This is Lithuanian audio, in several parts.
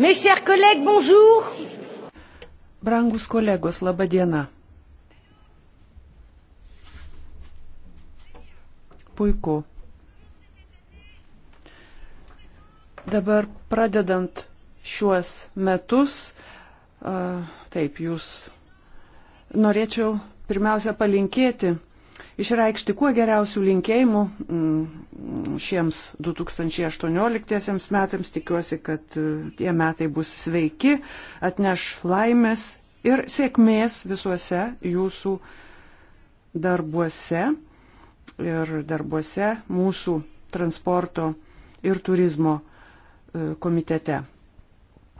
Mes chers collègues, bonjour. Brangus kolegos, laba diena. Puiku. Dabar pradedant šiuos metus, taip, jūs norėčiau pirmiausia palinkėti išreikšti kuo geriausių linkėjimų mm, šiems 2018 metams. Tikiuosi, kad e, tie metai bus sveiki, atneš laimės ir sėkmės visuose jūsų darbuose ir darbuose mūsų transporto ir turizmo e, komitete.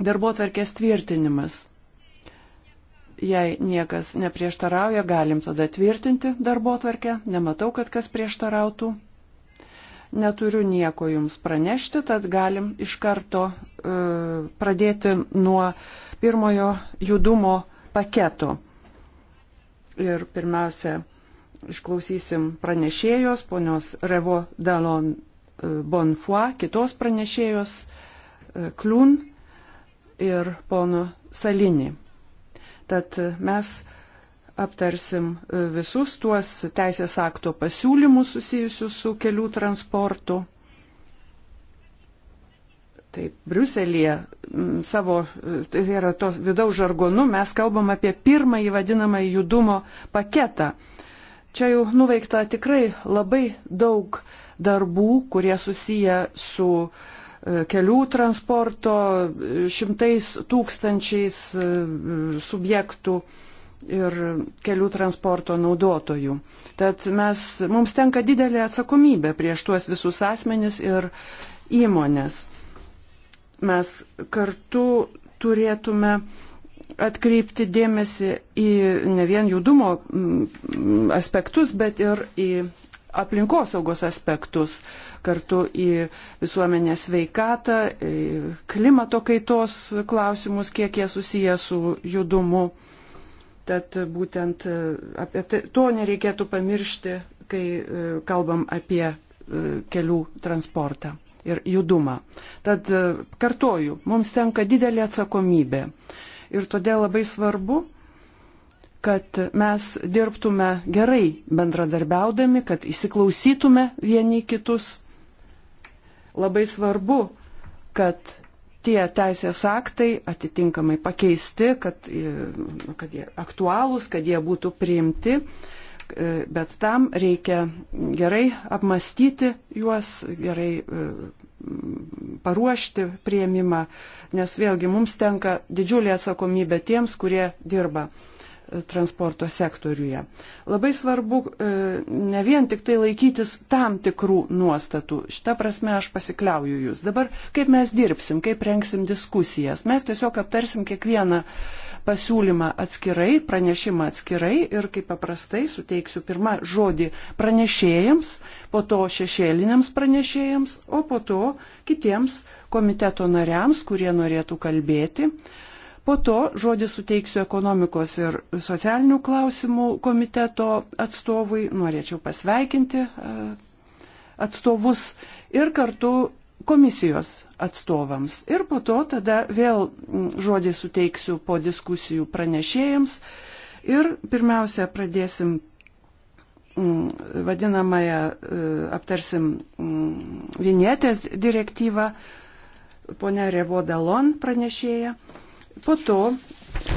Darbo tvarkės tvirtinimas. Jei niekas neprieštarauja, galim tada tvirtinti darbo tvarkę. Nematau, kad kas prieštarautų. Neturiu nieko jums pranešti, tad galim iš karto e, pradėti nuo pirmojo judumo paketo. Ir pirmiausia, išklausysim pranešėjos, ponios Revo Dalon e, Bonfoy, kitos pranešėjos e, Kliūn ir pono Salinį. Tad mes aptarsim visus tuos teisės akto pasiūlymus susijusius su kelių transportu. Taip, Briuselėje mm, savo, tai yra tos vidaus žargonu, mes kalbam apie pirmąjį vadinamą judumo paketą. Čia jau nuveikta tikrai labai daug darbų, kurie susiję su uh, E, kelių transporto e, šimtais tūkstančiais e, subjektų ir kelių transporto naudotojų. Tad mes, mums tenka didelė atsakomybė prieš tuos visus asmenis ir įmonės. Mes kartu turėtume atkreipti dėmesį į ne vien judumo aspektus, bet ir į aplinkosaugos aspektus, kartu į visuomenės sveikatą, klimato kaitos klausimus, kiek jie susiję su judumu. Tad būtent e, apie tai, to nereikėtų pamiršti, kai e, kalbam apie e, kelių transportą ir judumą. Tad kartoju, mums tenka didelė atsakomybė. Ir todėl labai svarbu, kad mes dirbtume gerai bendradarbiaudami, kad įsiklausytume vieni kitus. Labai svarbu, kad tie teisės aktai atitinkamai pakeisti, kad, e, kad jie aktualūs, kad jie būtų priimti, e, bet tam reikia gerai apmastyti juos, gerai e, paruošti prieimimą, nes vėlgi mums tenka didžiulė atsakomybė tiems, kurie dirba transporto sektoriuje. Labai svarbu e, ne vien tik tai laikytis tam tikrų nuostatų. Šitą prasme aš pasikliauju jūs. Dabar kaip mes dirbsim, kaip renksim diskusijas. Mes tiesiog aptarsim kiekvieną pasiūlymą atskirai, pranešimą atskirai ir kaip paprastai suteiksiu pirmą žodį pranešėjams, po to šešėliniams pranešėjams, o po to kitiems komiteto nariams, kurie norėtų kalbėti. Uh, Po to žodį suteiksiu ekonomikos ir socialinių klausimų komiteto atstovui. Norėčiau pasveikinti e, atstovus ir kartu komisijos atstovams. Ir po to tada vėl žodį suteiksiu po diskusijų pranešėjams. Ir pirmiausia, pradėsim vadinamąją, e, aptarsim vinietės direktyvą, ponia Revodalon pranešėja. Po to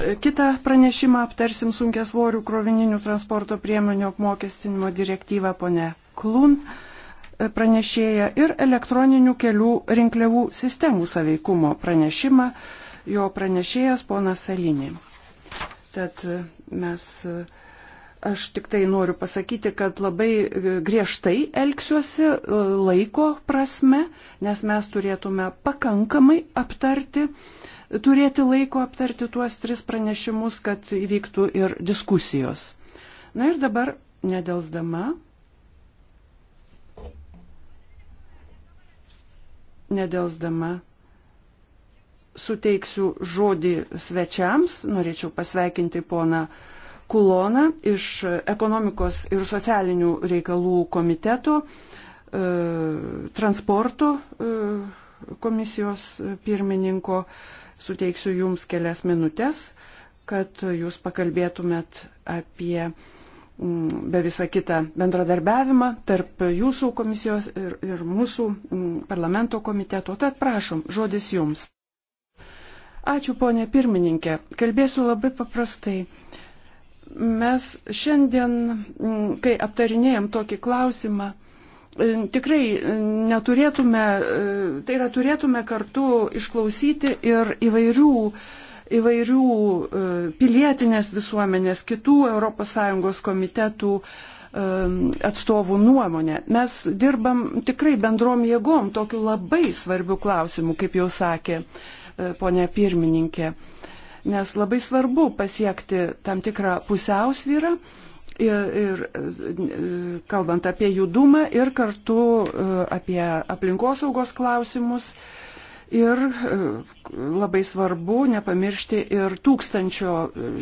e, kitą pranešimą aptarsim sunkia svorių krovininių transporto priemonių apmokestinimo direktyvą pone Klun e, pranešėja ir elektroninių kelių rinkliavų sistemų saveikumo pranešimą jo pranešėjas ponas Salinė. Tad e, mes, aš tik tai noriu pasakyti, kad labai griežtai elgsiuosi laiko prasme, nes mes turėtume pakankamai aptarti uh, turėti laiko aptarti tuos tris pranešimus, kad įvyktų ir diskusijos. Na ir dabar, nedelsdama, nedelsdama suteiksiu žodį svečiams. Norėčiau pasveikinti poną Kuloną iš ekonomikos ir socialinių reikalų komiteto, e, transporto e, komisijos pirmininko, suteiksiu Jums kelias minutės, kad Jūs pakalbėtumėt apie mm, be visą kitą bendradarbiavimą tarp jūsų komisijos ir, ir mūsų mm, parlamento komiteto. Tad prašom, žodis jums. Ačiū, ponė pirmininkė. Kalbėsiu labai paprastai. Mes šiandien, mm, kai aptarinėjom tokį klausimą, E, tikrai e, neturėtume, e, tai yra turėtume kartu išklausyti ir įvairių įvairių pilietinės visuomenės, kitų ES komitetų atstovų nuomonę. Mes dirbam tikrai bendrom jėgom tokiu labai svarbiu klausimu, kaip jau sakė ponė pirmininkė. Nes labai svarbu pasiekti tam tikrą pusiausvyrą ir, ir e, kalbant apie judumą ir kartu e, apie aplinkosaugos klausimus. Ir e, labai svarbu nepamiršti ir tūkstančio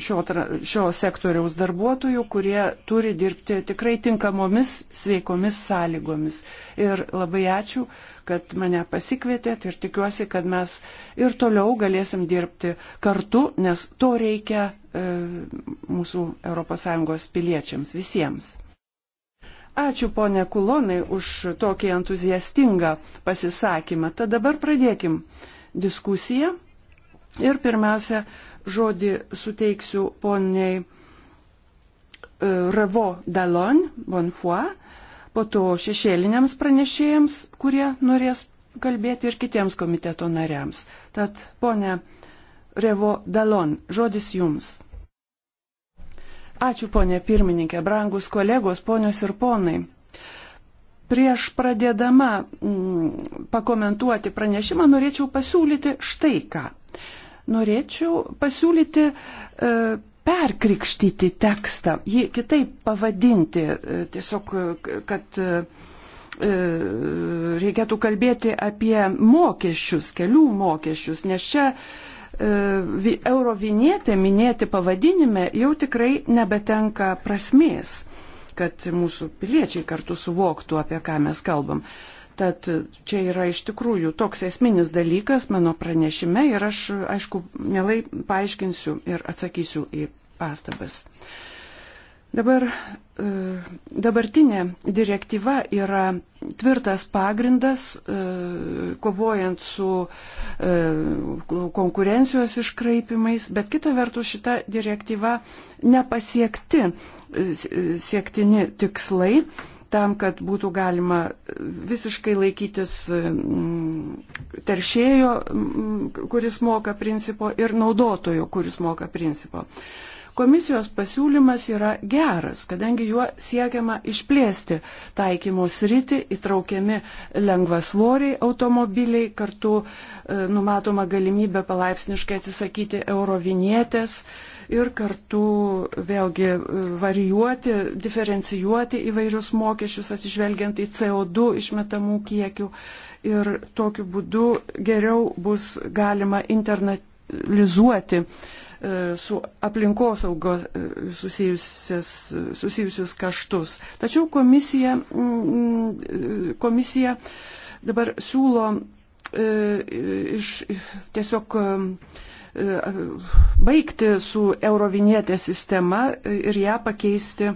šio, šio sektoriaus darbuotojų, kurie turi dirbti tikrai tinkamomis, sveikomis sąlygomis. Ir labai ačiū, kad mane pasikvietėt ir tikiuosi, kad mes ir toliau galėsim dirbti kartu, nes to reikia e, mūsų ES piliečiams visiems. Ačiū ponė Kulonai už tokį entuziastingą pasisakymą. Tad dabar pradėkim diskusiją ir pirmiausia žodį suteiksiu poniai e, Revo Dalon Bonfoy po to šešėliniams pranešėjams, kurie norės kalbėti ir kitiems komiteto nariams. Tad, ponė Revo Dalon, žodis jums. Ačiū, ponė pirmininkė, brangus kolegos, ponios ir ponai. Prieš pradėdama m, mm, pakomentuoti pranešimą, norėčiau pasiūlyti štai ką. Norėčiau pasiūlyti e, perkrikštyti tekstą, jį kitaip pavadinti, e, tiesiog, e, kad e, reikėtų kalbėti apie mokesčius, kelių mokesčius, nes čia eurovinėtė minėti pavadinime jau tikrai nebetenka prasmės, kad mūsų piliečiai kartu suvoktų, apie ką mes kalbam. Tad čia yra iš tikrųjų toks esminis dalykas mano pranešime ir aš, aišku, mielai paaiškinsiu ir atsakysiu į pastabas. Dabar e, dabartinė direktyva yra tvirtas pagrindas e, kovojant su e, konkurencijos iškraipimais, bet kita vertus šita direktyva nepasiekti siektini tikslai tam, kad būtų galima visiškai laikytis teršėjo, kuris moka principo, ir naudotojo, kuris moka principo. Komisijos pasiūlymas yra geras, kadangi juo siekiama išplėsti taikymo sritį, įtraukiami lengvasvoriai automobiliai, kartu e, numatoma galimybė palaipsniškai atsisakyti eurovinietės ir kartu vėlgi e, varijuoti, diferencijuoti įvairius mokesčius atsižvelgiant į CO2 išmetamų kiekių ir tokiu būdu geriau bus galima internalizuoti uh, E, su aplinkosaugo e, susijusius kaštus. Tačiau komisija, mm, e, komisija dabar siūlo iš tiesiog baigti su eurovinietė sistema ir ją pakeisti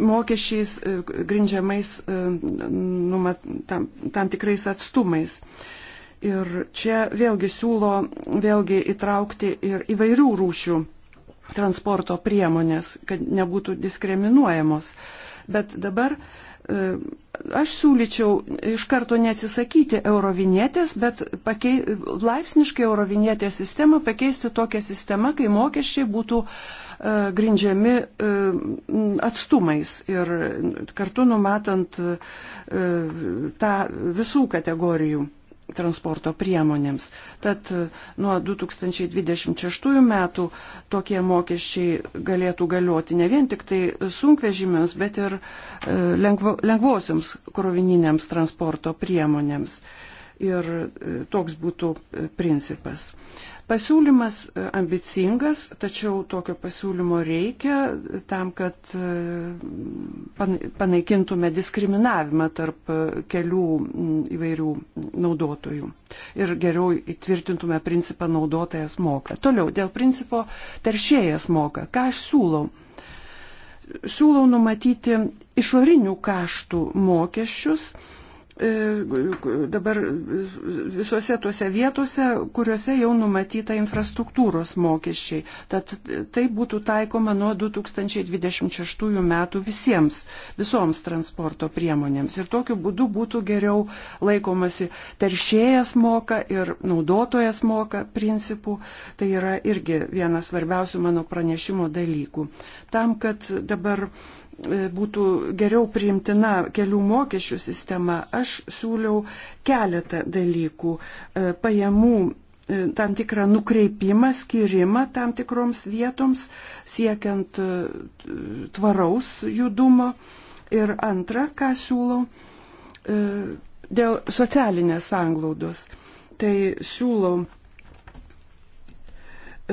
mokesčiais grindžiamais numat, tam, tam tikrais atstumais. Ir čia vėlgi siūlo vėlgi įtraukti ir įvairių rūšių transporto priemonės, kad nebūtų diskriminuojamos. Bet dabar e, aš siūlyčiau iš karto neatsisakyti eurovinietės, bet pakei, laipsniškai eurovinietės sistemą pakeisti tokią sistemą, kai mokesčiai būtų e, grindžiami e, atstumais ir kartu numatant tą visų kategorijų transporto priemonėms. Tad e, nuo 2026 metų tokie mokesčiai galėtų galioti ne vien tik tai sunkvežimiams, bet ir e, lengvo, lengvosiams krovininiams transporto priemonėms. Ir e, toks būtų principas. Pasiūlymas e, ambicingas, tačiau tokio pasiūlymo reikia tam, kad e, panaikintume diskriminavimą tarp e, kelių įvairių naudotojų ir geriau įtvirtintume principą naudotojas moka. Toliau, dėl principo teršėjas moka. Ką aš siūlau? Siūlau numatyti išorinių kaštų mokesčius E, dabar visose tuose vietuose, kuriuose jau numatyta infrastruktūros mokesčiai. Tad tai būtų taikoma nuo 2026 metų visiems, visoms transporto priemonėms. Ir tokiu būdu būtų geriau laikomasi teršėjas moka ir naudotojas moka principų. Tai yra irgi vienas svarbiausių mano pranešimo dalykų. Tam, kad dabar E, būtų geriau priimtina kelių mokesčių sistema, aš siūliau keletą dalykų. E, pajamų e, tam tikrą nukreipimą, skirimą tam tikroms vietoms, siekiant tvaraus judumo. Ir antra, ką siūlau, dėl socialinės anglaudos. Tai siūlau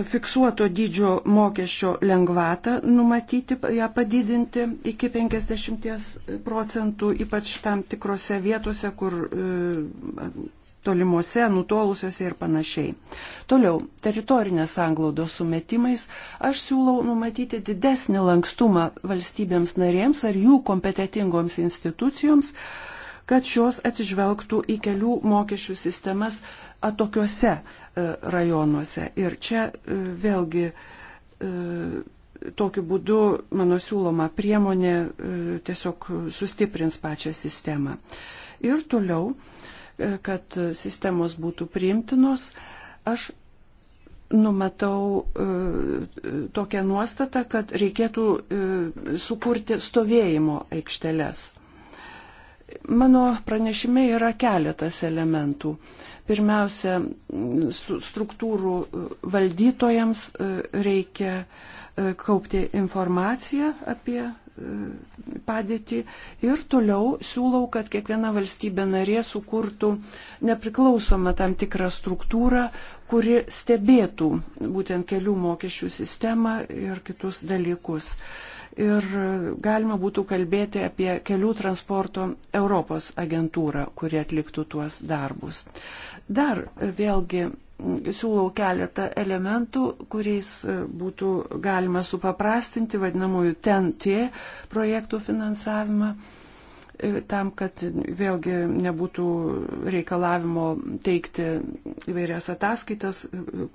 fiksuoto dydžio mokesčio lengvatą numatyti, ją padidinti iki 50 procentų, ypač tam tikrose vietose, kur e, tolimuose, nutolusiuose ir panašiai. Toliau, teritorinės anglaudos sumetimais aš siūlau numatyti didesnį lankstumą valstybėms narėms ar jų kompetitingoms institucijoms, kad šios atsižvelgtų į kelių mokesčių sistemas atokiuose E, rajonuose. Ir čia e, vėlgi e, tokiu būdu mano siūloma priemonė tiesiog sustiprins pačią sistemą. Ir toliau, kad sistemos būtų priimtinos, aš numatau tokią nuostatą, kad reikėtų sukurti stovėjimo aikšteles. Mano pranešime yra keletas elementų pirmiausia, struktūrų e, valdytojams e, reikia e, kaupti informaciją apie padėtį ir toliau siūlau, kad kiekviena valstybė narė sukurtų nepriklausomą tam tikrą struktūrą, kuri stebėtų būtent kelių mokesčių sistemą ir kitus dalykus. Ir galima būtų kalbėti apie kelių transporto Europos agentūrą, kuri atliktų tuos darbus. Dar e, vėlgi siūlau keletą elementų, kuriais e, būtų galima supaprastinti vadinamųjų TNT projektų finansavimą, e, tam, kad vėlgi nebūtų reikalavimo teikti įvairias ataskaitas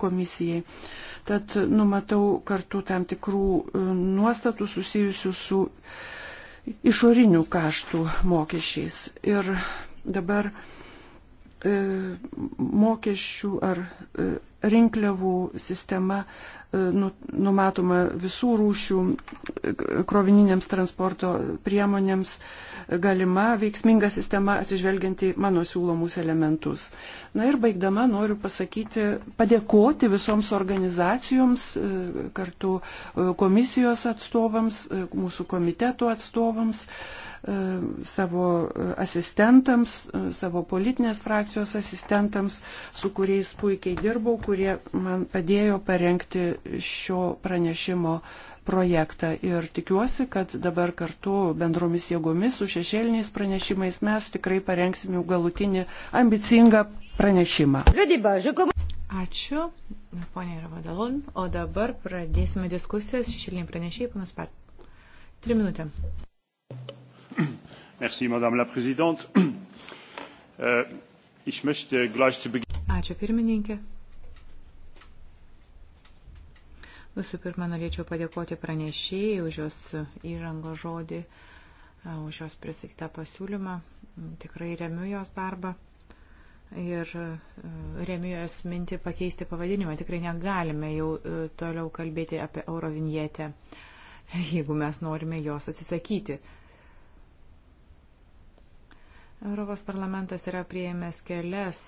komisijai. Tad numatau kartu tam tikrų nuostatų susijusių su išorinių kaštų mokesčiais. Ir dabar E, mokesčių ar e, rinkliavų sistema e, nu, numatoma visų rūšių krovininiams transporto priemonėms galima veiksminga sistema atsižvelgianti mano siūlomus elementus. Na ir baigdama noriu pasakyti, padėkoti visoms organizacijoms, kartu komisijos atstovams, mūsų komiteto atstovams E, savo asistentams, e, savo politinės frakcijos asistentams, su kuriais puikiai dirbau, kurie man padėjo parengti šio pranešimo projektą. Ir tikiuosi, kad dabar kartu bendromis jėgomis su šešėliniais pranešimais mes tikrai parengsim jau galutinį ambicingą pranešimą. Ačiū, ponė Ravadalon. O dabar pradėsime diskusijas. Šešėliniai pranešiai, panas Part. Trim minutėm. Merci, Madame la Présidente. Euh, ich möchte gleich zu Beginn. Ačiū pirmininkė. Visų pirma, norėčiau padėkoti pranešėjai už jos įžango žodį, už jos prisakytą pasiūlymą. Tikrai remiu jos darbą ir e, remiu jos mintį pakeisti pavadinimą. Tikrai negalime jau e, toliau kalbėti apie Eurovinietę, jeigu mes norime jos atsisakyti. Europos parlamentas yra prieėmęs kelias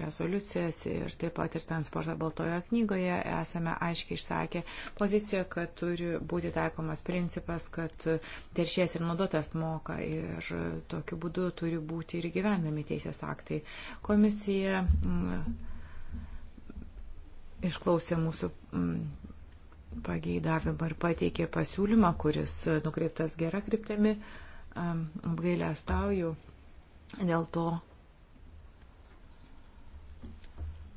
rezoliucijas ir taip pat ir transporto baltojo knygoje esame aiškiai išsakę poziciją, kad turi būti taikomas principas, kad teršės ir naudotas moka ir tokiu būdu turi būti ir gyvenami teisės aktai. Komisija mm, išklausė mūsų mm, pageidavimą ir pateikė pasiūlymą, kuris nukreiptas gera kryptimi apgailę stauju dėl to,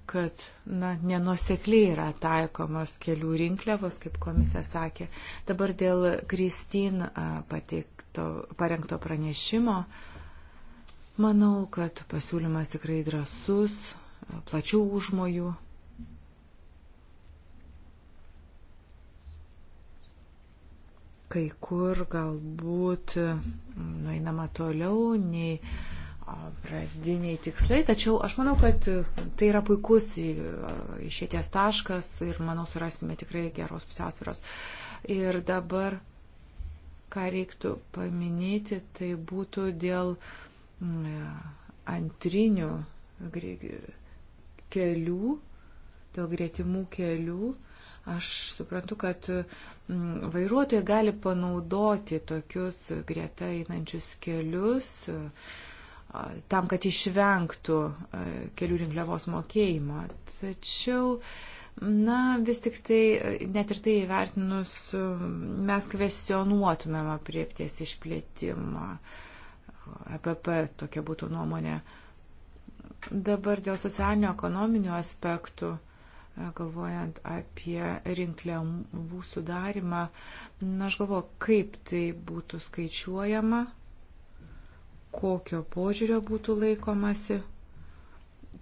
kad na, nenusekliai yra taikomas kelių rinkliavos, kaip komisija sakė. Dabar dėl Kristin parengto pranešimo, manau, kad pasiūlymas tikrai drasus, plačių užmojų. Kai kur galbūt nueinama toliau nei pradiniai tikslai, tačiau aš manau, kad tai yra puikus e, išėties taškas ir manau surasime tikrai geros pusiausvėros. Ir dabar, ką reiktų paminėti, tai būtų dėl e, antrinių kelių, dėl greitimų kelių. Aš suprantu, kad vairuotojai gali panaudoti tokius greta einančius kelius, uh, tam, kad išvengtų e, kelių rinkliavos mokėjimo. Tačiau, na, vis tik tai, e, net ir tai įvertinus, e, mes kvestionuotumėm apriepties išplėtimą. EPP tokia būtų nuomonė. Dabar dėl socialinio ekonominio aspektų, galvojant apie rinkliavų sudarimą, na, aš galvoju, kaip tai būtų skaičiuojama kokio požiūrio būtų laikomasi.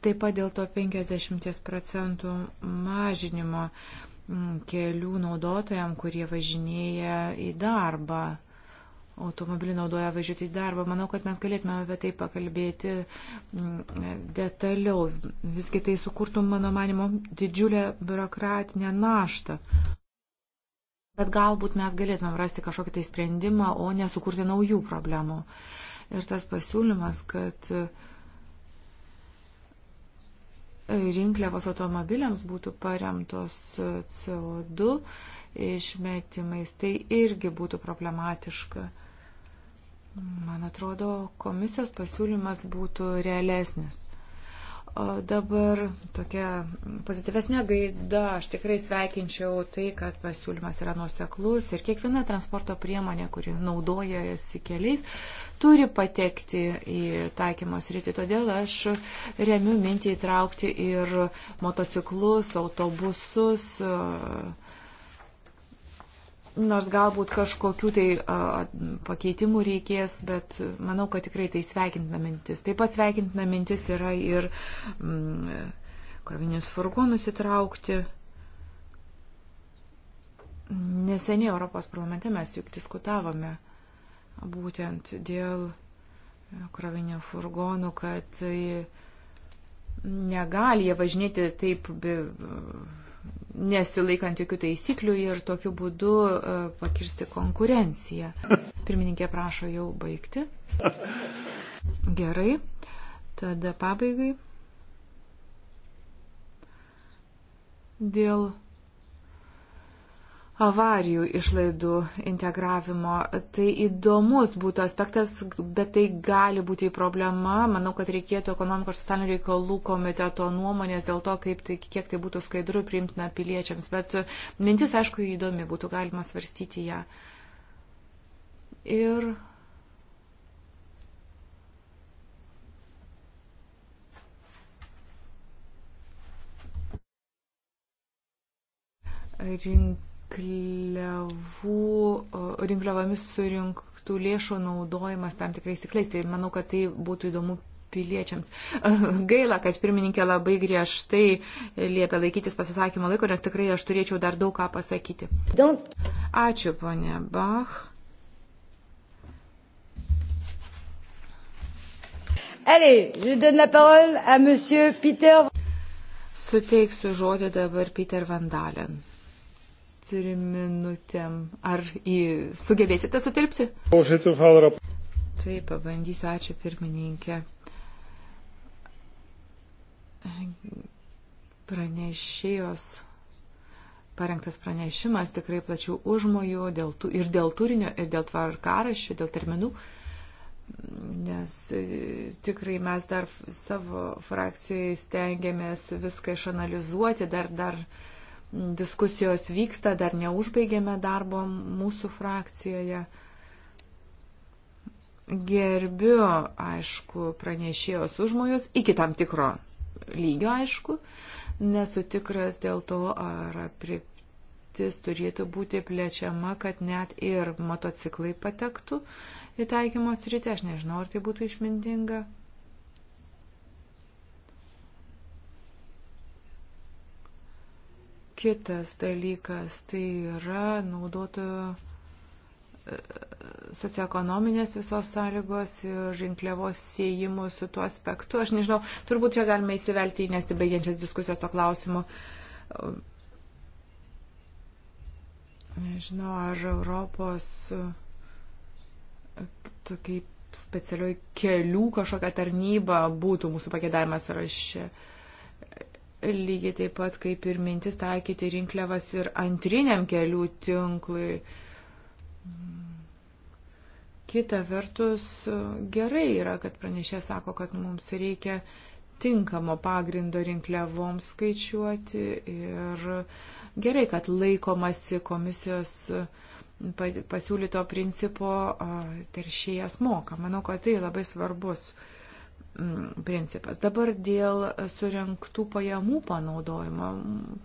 Taip pat dėl to 50 procentų mažinimo mm, kelių naudotojam, kurie važinėja į darbą, automobilį naudoja važiuoti į darbą. Manau, kad mes galėtume apie tai pakalbėti mm, detaliau. Visgi tai sukurtų, mano manimo, didžiulę biurokratinę naštą. Bet galbūt mes galėtumėm rasti kažkokį tai sprendimą, o nesukurti naujų problemų. Uh, Ir tas pasiūlymas, kad e, rinkliavos automobiliams būtų paremtos e, CO2 išmetimais, tai irgi būtų problematiška. Man atrodo, komisijos pasiūlymas būtų realesnis. Dabar tokia pozityvesnė gaida, aš tikrai sveikinčiau tai, kad pasiūlymas yra nuoseklus ir kiekviena transporto priemonė, kuri naudojasi keliais, turi patekti į taikymos rytį. Todėl aš remiu mintį įtraukti ir motociklus, autobusus. Uh, Nors galbūt kažkokių tai pakeitimų reikės, bet manau, kad tikrai tai sveikintina mintis. Taip pat sveikintina mintis yra ir mm, krovinius furgonus įtraukti. Neseniai Europos parlamente mes juk diskutavome būtent dėl krovinio furgonų, kad tai negali jie važinėti taip be, nesilaikant jokių taisyklių ir tokiu būdu e, pakirsti konkurenciją. Pirmininkė prašo jau baigti. Gerai, tada pabaigai. Dėl avarijų išlaidų integravimo. Tai įdomus būtų aspektas, bet tai gali būti problema. Manau, kad reikėtų ekonomikos ir socialinių reikalų komiteto nuomonės dėl to, kaip tai, kiek tai būtų skaidru priimtina piliečiams. Bet mintis, aišku, įdomi, būtų galima svarstyti ją. Ir rink rinkliavų, rinkliavomis surinktų lėšų naudojimas tam tikrais tiklais. Tai manau, kad tai būtų įdomu piliečiams. Gaila, kad pirmininkė labai griežtai liepia laikytis pasisakymo laiko, nes tikrai aš turėčiau dar daug ką pasakyti. Ačiū, ponė Bach. Allez, je donne la parole à monsieur Peter. Suteiksiu žodį dabar Peter Vandalen trim minutėm. Ar į, sugebėsite sutilpti? Taip, pabandysiu. Ačiū pirmininkė. Pranešėjos parengtas pranešimas tikrai plačių užmojų dėl tų, ir dėl turinio, ir dėl tvarkarašių, dėl terminų. Nes e, tikrai mes dar savo frakcijoje stengiamės viską išanalizuoti, dar, dar uh, diskusijos vyksta, dar neužbaigėme darbo mūsų frakcijoje. Gerbiu, aišku, pranešėjos užmojus iki tam tikro lygio, aišku. Nesu tikras dėl to, ar apriptis turėtų būti plečiama, kad net ir motociklai patektų į taikymos rytį. Aš nežinau, ar tai būtų išmintinga. Kitas dalykas tai yra naudotojų e, socioekonominės visos sąlygos ir rinkliavos siejimų su tuo aspektu. Aš nežinau, turbūt čia galime įsivelti į nesibaigiančias diskusijos to klausimu. E, nežinau, ar Europos e, tokiai specialioj kelių kažkokia tarnyba būtų mūsų pagėdavimas rašė. Aš lygiai taip pat kaip ir mintis taikyti rinkliavas ir antriniam kelių tinklui. Kita vertus, gerai yra, kad pranešė sako, kad mums reikia tinkamo pagrindo rinkliavoms skaičiuoti ir gerai, kad laikomasi komisijos pasiūlyto principo teršėjas moka. Manau, kad tai labai svarbus Mm, principas. Dabar dėl surinktų pajamų panaudojimo. Mm,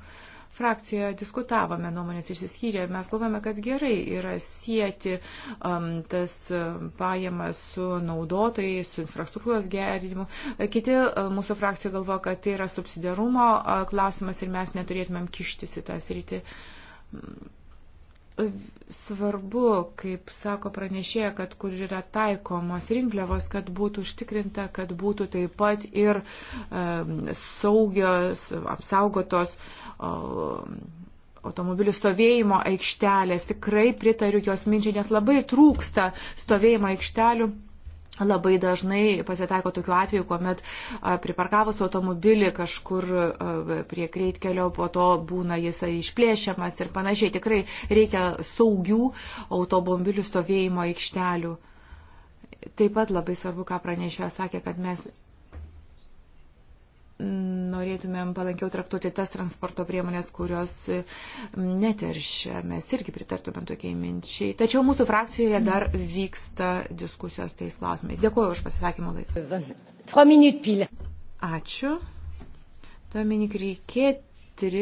frakcijoje diskutavome, nuomonės išsiskyrė, mes galvojame, kad gerai yra sieti um, tas um, pajamas su naudotojais, su infrastruktūros gerinimu. Kiti uh, mūsų frakcijoje galvoja, kad tai yra subsidiarumo uh, klausimas ir mes neturėtumėm kištis į tą sritį. Um, svarbu, kaip sako pranešėja, kad kur yra taikomos rinkliavos, kad būtų užtikrinta, kad būtų taip pat ir e, saugios, apsaugotos o, automobilių stovėjimo aikštelės. Tikrai pritariu jos minčiai, nes labai trūksta stovėjimo aikštelių Labai dažnai pasitaiko tokių atvejų, kuomet priparkavus automobilį kažkur prie kreitkelio, po to būna jisai išplėšiamas ir panašiai. Tikrai reikia saugių automobilių stovėjimo aikštelių. Taip pat labai svarbu, ką pranešėjo, sakė, kad mes norėtumėm palankiau traktuoti tas transporto priemonės, kurios mm, neteršia. Mes irgi pritartumėm tokiai minčiai. Tačiau mūsų frakcijoje dar vyksta diskusijos tais klausimais. Dėkuoju už pasisakymą laiką. Ačiū. Dominik Rykė,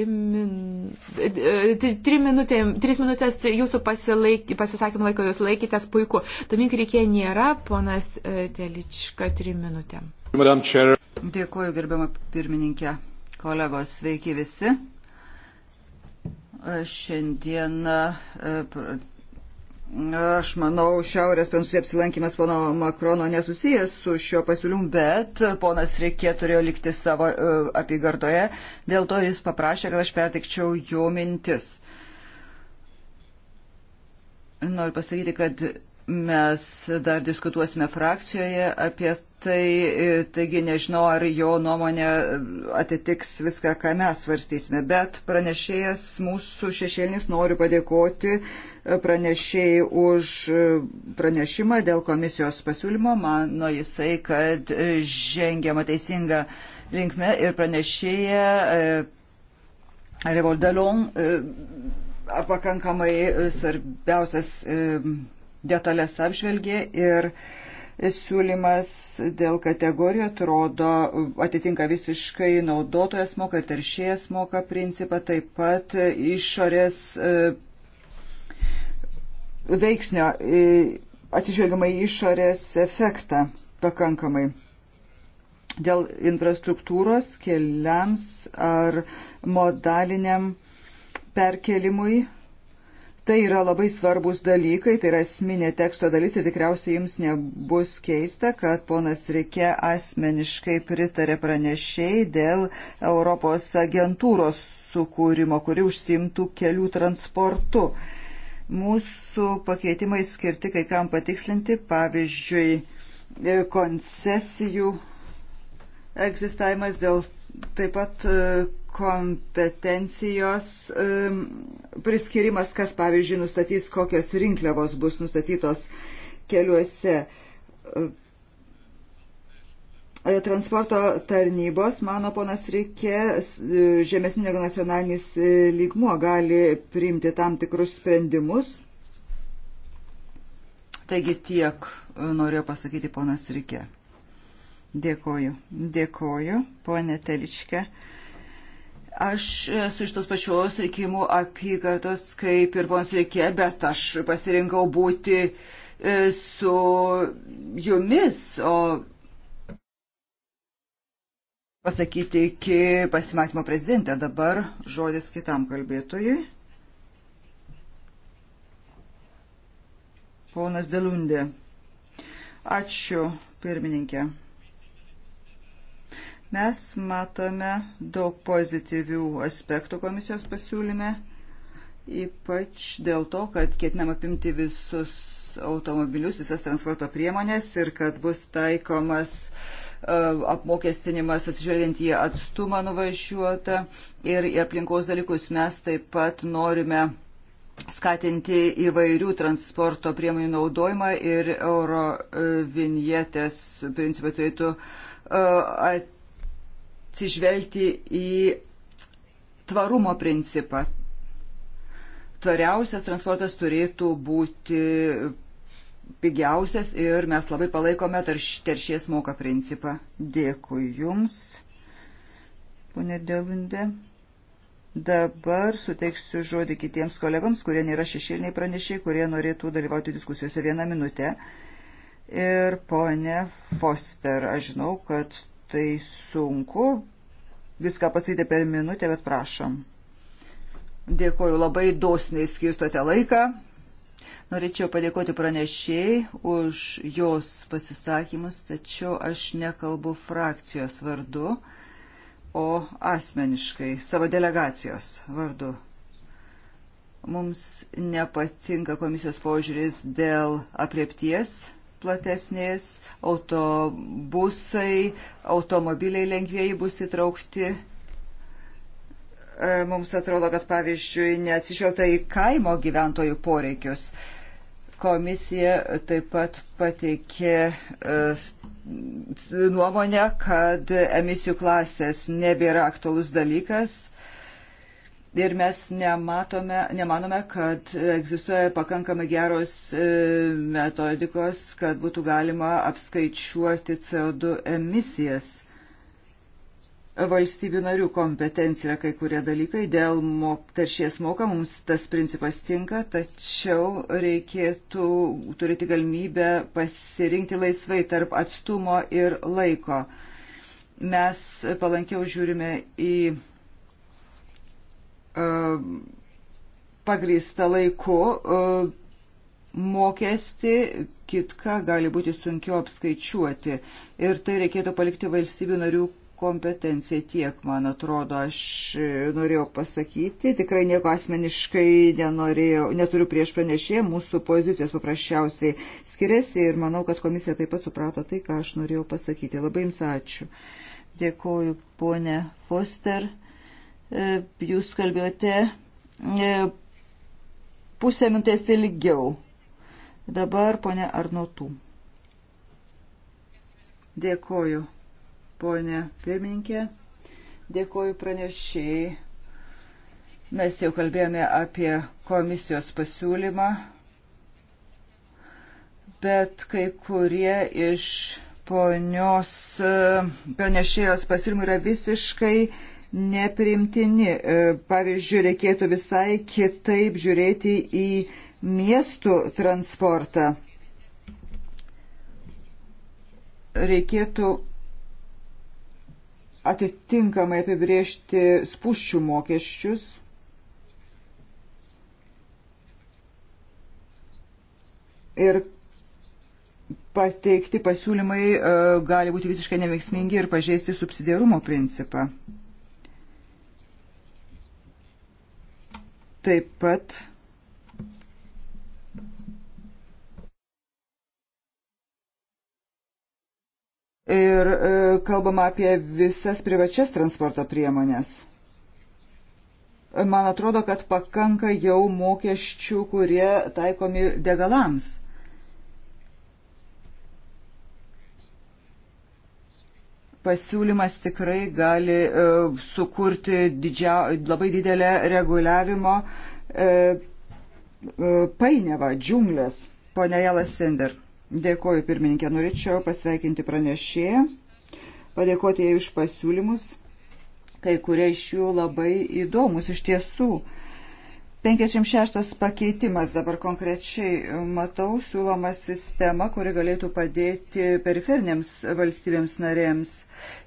min... E, e, tri minutė, tris minutės jūsų pasilaik... pasisakymų laiko jūs laikytės puiku. Dominik Rykė nėra, ponas e, Telička, trim minutėm. Dėkuoju, gerbiamą pirmininkę. Kolegos, sveiki visi. Šiandieną, e, aš manau, Šiaurės Prancūzija apsilankimas pono Makrono nesusijęs su šiuo pasiūlymu, bet ponas Rikė turėjo likti savo e, apygardoje, dėl to jis paprašė, kad aš pertikčiau jo mintis. Noriu pasakyti, kad mes dar diskutuosime frakcijoje apie tai, e, taigi nežinau, ar jo nuomonė atitiks viską, ką mes svarstysime, bet pranešėjas mūsų šešėlinis noriu padėkoti e, pranešėjai už e, pranešimą dėl komisijos pasiūlymo, mano jisai, kad žengiama teisinga linkme ir pranešėja Revoldalon pakankamai svarbiausias detalės apžvelgė ir uh, siūlymas dėl kategorijų atrodo atitinka visiškai naudotojas moka ir teršėjas moka principą, taip pat išorės e, veiksnio e, atsižvelgiamai išorės efektą pakankamai dėl infrastruktūros keliams ar modaliniam perkelimui Tai yra labai svarbus dalykai, tai yra esminė teksto dalis ir tikriausiai jums nebus keista, kad ponas Rike asmeniškai pritarė pranešiai dėl Europos agentūros sukūrimo, kuri užsimtų kelių transportu. Mūsų pakeitimai skirti kai kam patikslinti, pavyzdžiui, koncesijų egzistavimas dėl taip pat kompetencijos priskirimas, kas pavyzdžiui nustatys, kokios rinkliavos bus nustatytos keliuose. E, transporto tarnybos, mano ponas Rikė, e, žemesnių negu nacionalinis e, lygmuo gali priimti tam tikrus sprendimus. Taigi tiek norėjo pasakyti ponas Rikė. Dėkoju. Dėkoju, ponė Teličke. Aš esu iš tos pačios reikimų apygardos kaip ir ponas reikė, bet aš pasirinkau būti e, su jumis, o pasakyti iki pasimatymo prezidentę. Dabar žodis kitam kalbėtojui. Ponas Delundė. Ačiū, pirmininkė. Mes matome daug pozityvių aspektų komisijos pasiūlyme, ypač dėl to, kad ketinam apimti visus automobilius, visas transporto priemonės ir kad bus taikomas e, apmokestinimas atsižvelgiant į atstumą nuvažiuotą ir į aplinkos dalykus. Mes taip pat norime skatinti įvairių transporto priemonių naudojimą ir euro e, vinjetės principai turėtų e, atsižvelgti atsižvelgti į tvarumo principą. Tvariausias transportas turėtų būti pigiausias ir mes labai palaikome tarš, teršies moka principą. Dėkui Jums, ponė Delundė. Dabar suteiksiu žodį kitiems kolegams, kurie nėra šešėliniai pranešiai, kurie norėtų dalyvauti diskusijose vieną minutę. Ir ponė Foster, aš žinau, kad tai sunku viską pasakyti per minutę, bet prašom. Dėkoju labai dosniai skirstote laiką. Norėčiau padėkoti pranešėjai už jos pasisakymus, tačiau aš nekalbu frakcijos vardu, o asmeniškai savo delegacijos vardu. Mums nepatinka komisijos požiūris dėl apriepties platesnės, autobusai, automobiliai lengvėjai bus įtraukti. E, mums atrodo, kad pavyzdžiui neatsižvelgta į kaimo gyventojų poreikius. Komisija taip pat pateikė e, nuomonę, kad emisijų klasės nebėra aktualus dalykas ir mes nematome, nemanome, kad egzistuoja pakankamai geros e, metodikos, kad būtų galima apskaičiuoti CO2 emisijas valstybių narių kompetencija yra kai kurie dalykai, dėl mok, taršies moka mums tas principas tinka, tačiau reikėtų turėti galimybę pasirinkti laisvai tarp atstumo ir laiko. Mes palankiau žiūrime į E, pagrįsta laiku e, mokestį, kitką gali būti sunkiau apskaičiuoti. Ir tai reikėtų palikti valstybių narių kompetencija tiek, man atrodo, aš norėjau pasakyti. Tikrai nieko asmeniškai nenorėjau, neturiu prieš pranešėją, mūsų pozicijos paprasčiausiai skiriasi ir manau, kad komisija taip pat suprato tai, ką aš norėjau pasakyti. Labai jums ačiū. Dėkoju, ponė Foster. E, jūs kalbėjote e, pusę minutės ilgiau. Dabar ponė Arnotų. Dėkoju, ponė pirmininkė. Dėkoju pranešėjai. Mes jau kalbėjome apie komisijos pasiūlymą, bet kai kurie iš ponios e, pranešėjos pasiūlymų yra visiškai uh, neprimtini. E, pavyzdžiui, reikėtų visai kitaip žiūrėti į miestų transportą. Reikėtų atitinkamai apibriežti spuščių mokesčius. Ir pateikti pasiūlymai e, gali būti visiškai neveiksmingi ir pažeisti subsidiarumo principą. Taip pat ir e, kalbama apie visas privačias transporto priemonės. Man atrodo, kad pakanka jau mokesčių, kurie taikomi degalams. pasiūlymas tikrai gali e, sukurti didžia, labai didelę reguliavimo e, e, painiavą, džiunglės. Pone Jelas Sender, dėkoju pirmininkė, norėčiau pasveikinti pranešėją, padėkoti jai už pasiūlymus, kai kurie iš jų labai įdomus iš tiesų. 56 pakeitimas dabar konkrečiai e, matau siūloma sistema, kuri galėtų padėti periferinėms valstybėms narėms.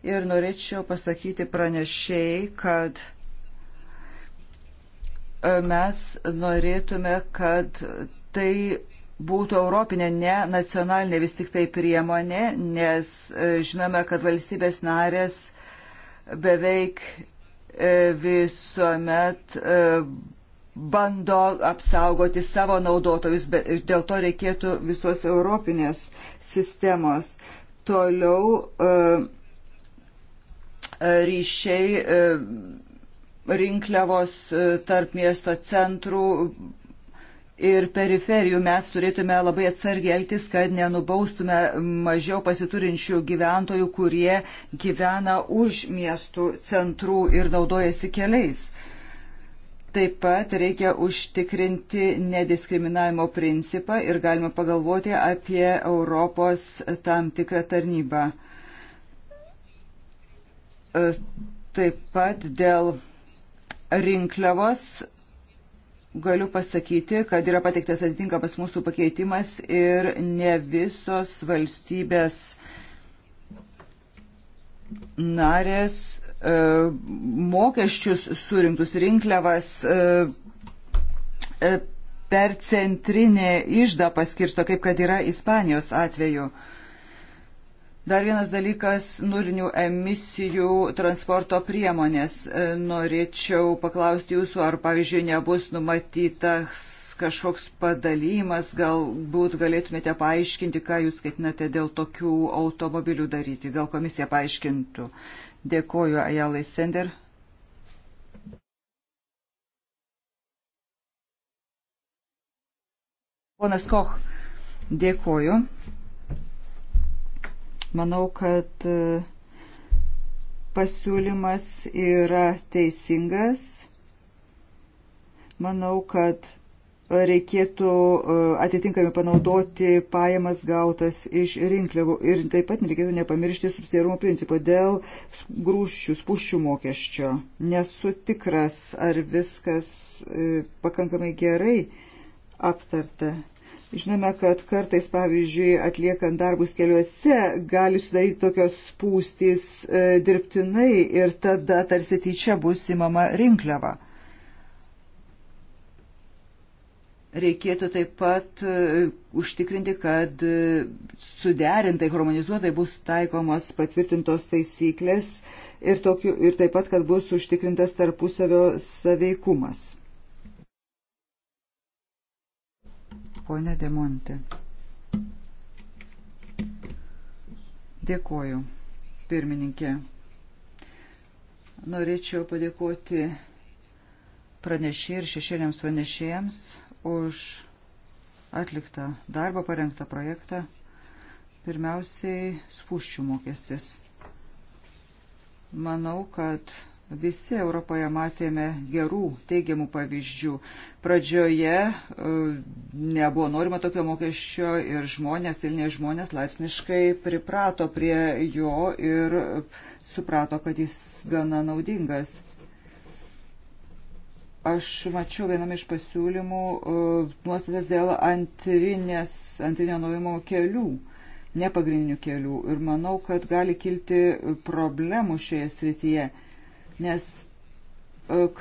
Ir norėčiau pasakyti pranešėjai, kad e, mes norėtume, kad tai būtų europinė, ne nacionalinė vis tik tai priemonė, nes e, žinome, kad valstybės narės beveik visuomet bando apsaugoti savo naudotojus, bet ir dėl to reikėtų visos europinės sistemos. Toliau e, e, ryšiai e, rinkliavos tarp miesto centrų ir periferijų mes turėtume labai atsargiai elgtis, kad nenubaustume mažiau pasiturinčių gyventojų, kurie gyvena už miestų centrų ir naudojasi keliais. Taip pat reikia užtikrinti nediskriminavimo principą ir galima pagalvoti apie Europos tam tikrą tarnybą. E, taip pat dėl rinkliavos galiu pasakyti, kad yra pateiktas atitinkamas mūsų pakeitimas ir ne visos valstybės narės E, mokesčius surinktus rinkliavas e, e, per centrinę išdą paskirsto, kaip kad yra Ispanijos atveju. Dar vienas dalykas - nulinių emisijų transporto priemonės. Norėčiau paklausti jūsų, ar pavyzdžiui nebus numatytas kažkoks padalymas, galbūt galėtumėte paaiškinti, ką jūs ketinate dėl tokių automobilių daryti, gal komisija paaiškintų. Dėkoju Ajalai Sender. Ponas Koch, dėkoju. Manau, kad e, pasiūlymas yra teisingas. Manau, kad reikėtų e, atitinkami panaudoti pajamas gautas iš rinkliavų. Ir taip pat reikėtų nepamiršti subsidiarumo principo dėl grūščių, spuščių mokesčio. Nesu tikras, ar viskas e, pakankamai gerai aptarta. Žinome, kad kartais, pavyzdžiui, atliekant darbus keliuose, gali sudaryti tokios spūstys e, dirbtinai ir tada tarsi tyčia bus įmama rinkliava. E, reikėtų taip pat e, užtikrinti, kad e, suderintai, harmonizuotai bus taikomos patvirtintos taisyklės ir, tokiu, ir taip pat, kad bus užtikrintas tarpusavio saveikumas. Pone Demonte. Dėkoju, pirmininkė. Norėčiau padėkoti pranešėjai ir šešėliams pranešėjams už atliktą darbą, parengtą projektą. Pirmiausiai spūščių mokestis. Manau, kad Visi Europoje matėme gerų, teigiamų pavyzdžių. Pradžioje e, nebuvo norima tokio mokesčio ir žmonės, silniai žmonės laipsniškai priprato prie jo ir suprato, kad jis gana naudingas. Aš mačiau viename iš pasiūlymų e, nuostatas dėl antrinės, antrinio naujimo kelių, nepagrindinių kelių. Ir manau, kad gali kilti problemų šioje srityje, nes e,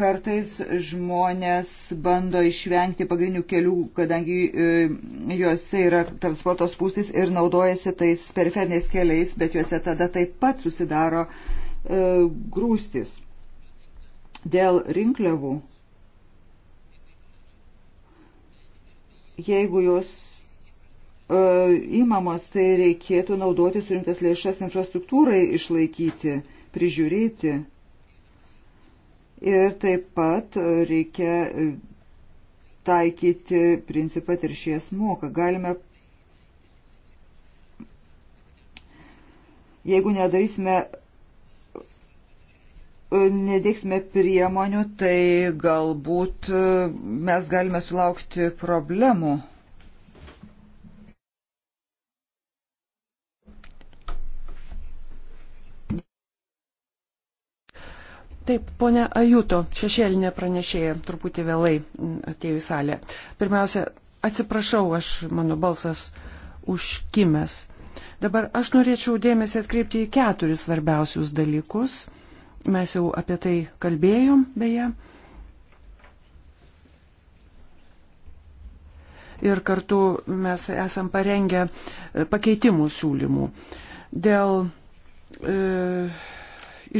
kartais žmonės bando išvengti pagrindinių kelių, kadangi e, juose yra transporto spūstis ir naudojasi tais periferiniais keliais, bet juose tada taip pat susidaro grūstis. Dėl rinkliavų jeigu jos įmamos, e, tai reikėtų naudoti surinktas lėšas infrastruktūrai išlaikyti, prižiūrėti. Ir taip pat reikia e, taikyti principą teršies moka. Galime, jeigu nedarysime nedėksime priemonių, tai galbūt e, mes galime sulaukti problemų. Taip, ponia Ajuto, šešėlinė pranešėja, truputį vėlai atėjo į salę. Pirmiausia, atsiprašau, aš, mano balsas užkimęs. Dabar aš norėčiau dėmesį atkreipti į keturis svarbiausius dalykus Mes jau apie tai kalbėjom beje. Ir kartu mes esam parengę e, pakeitimų siūlymų. Dėl e,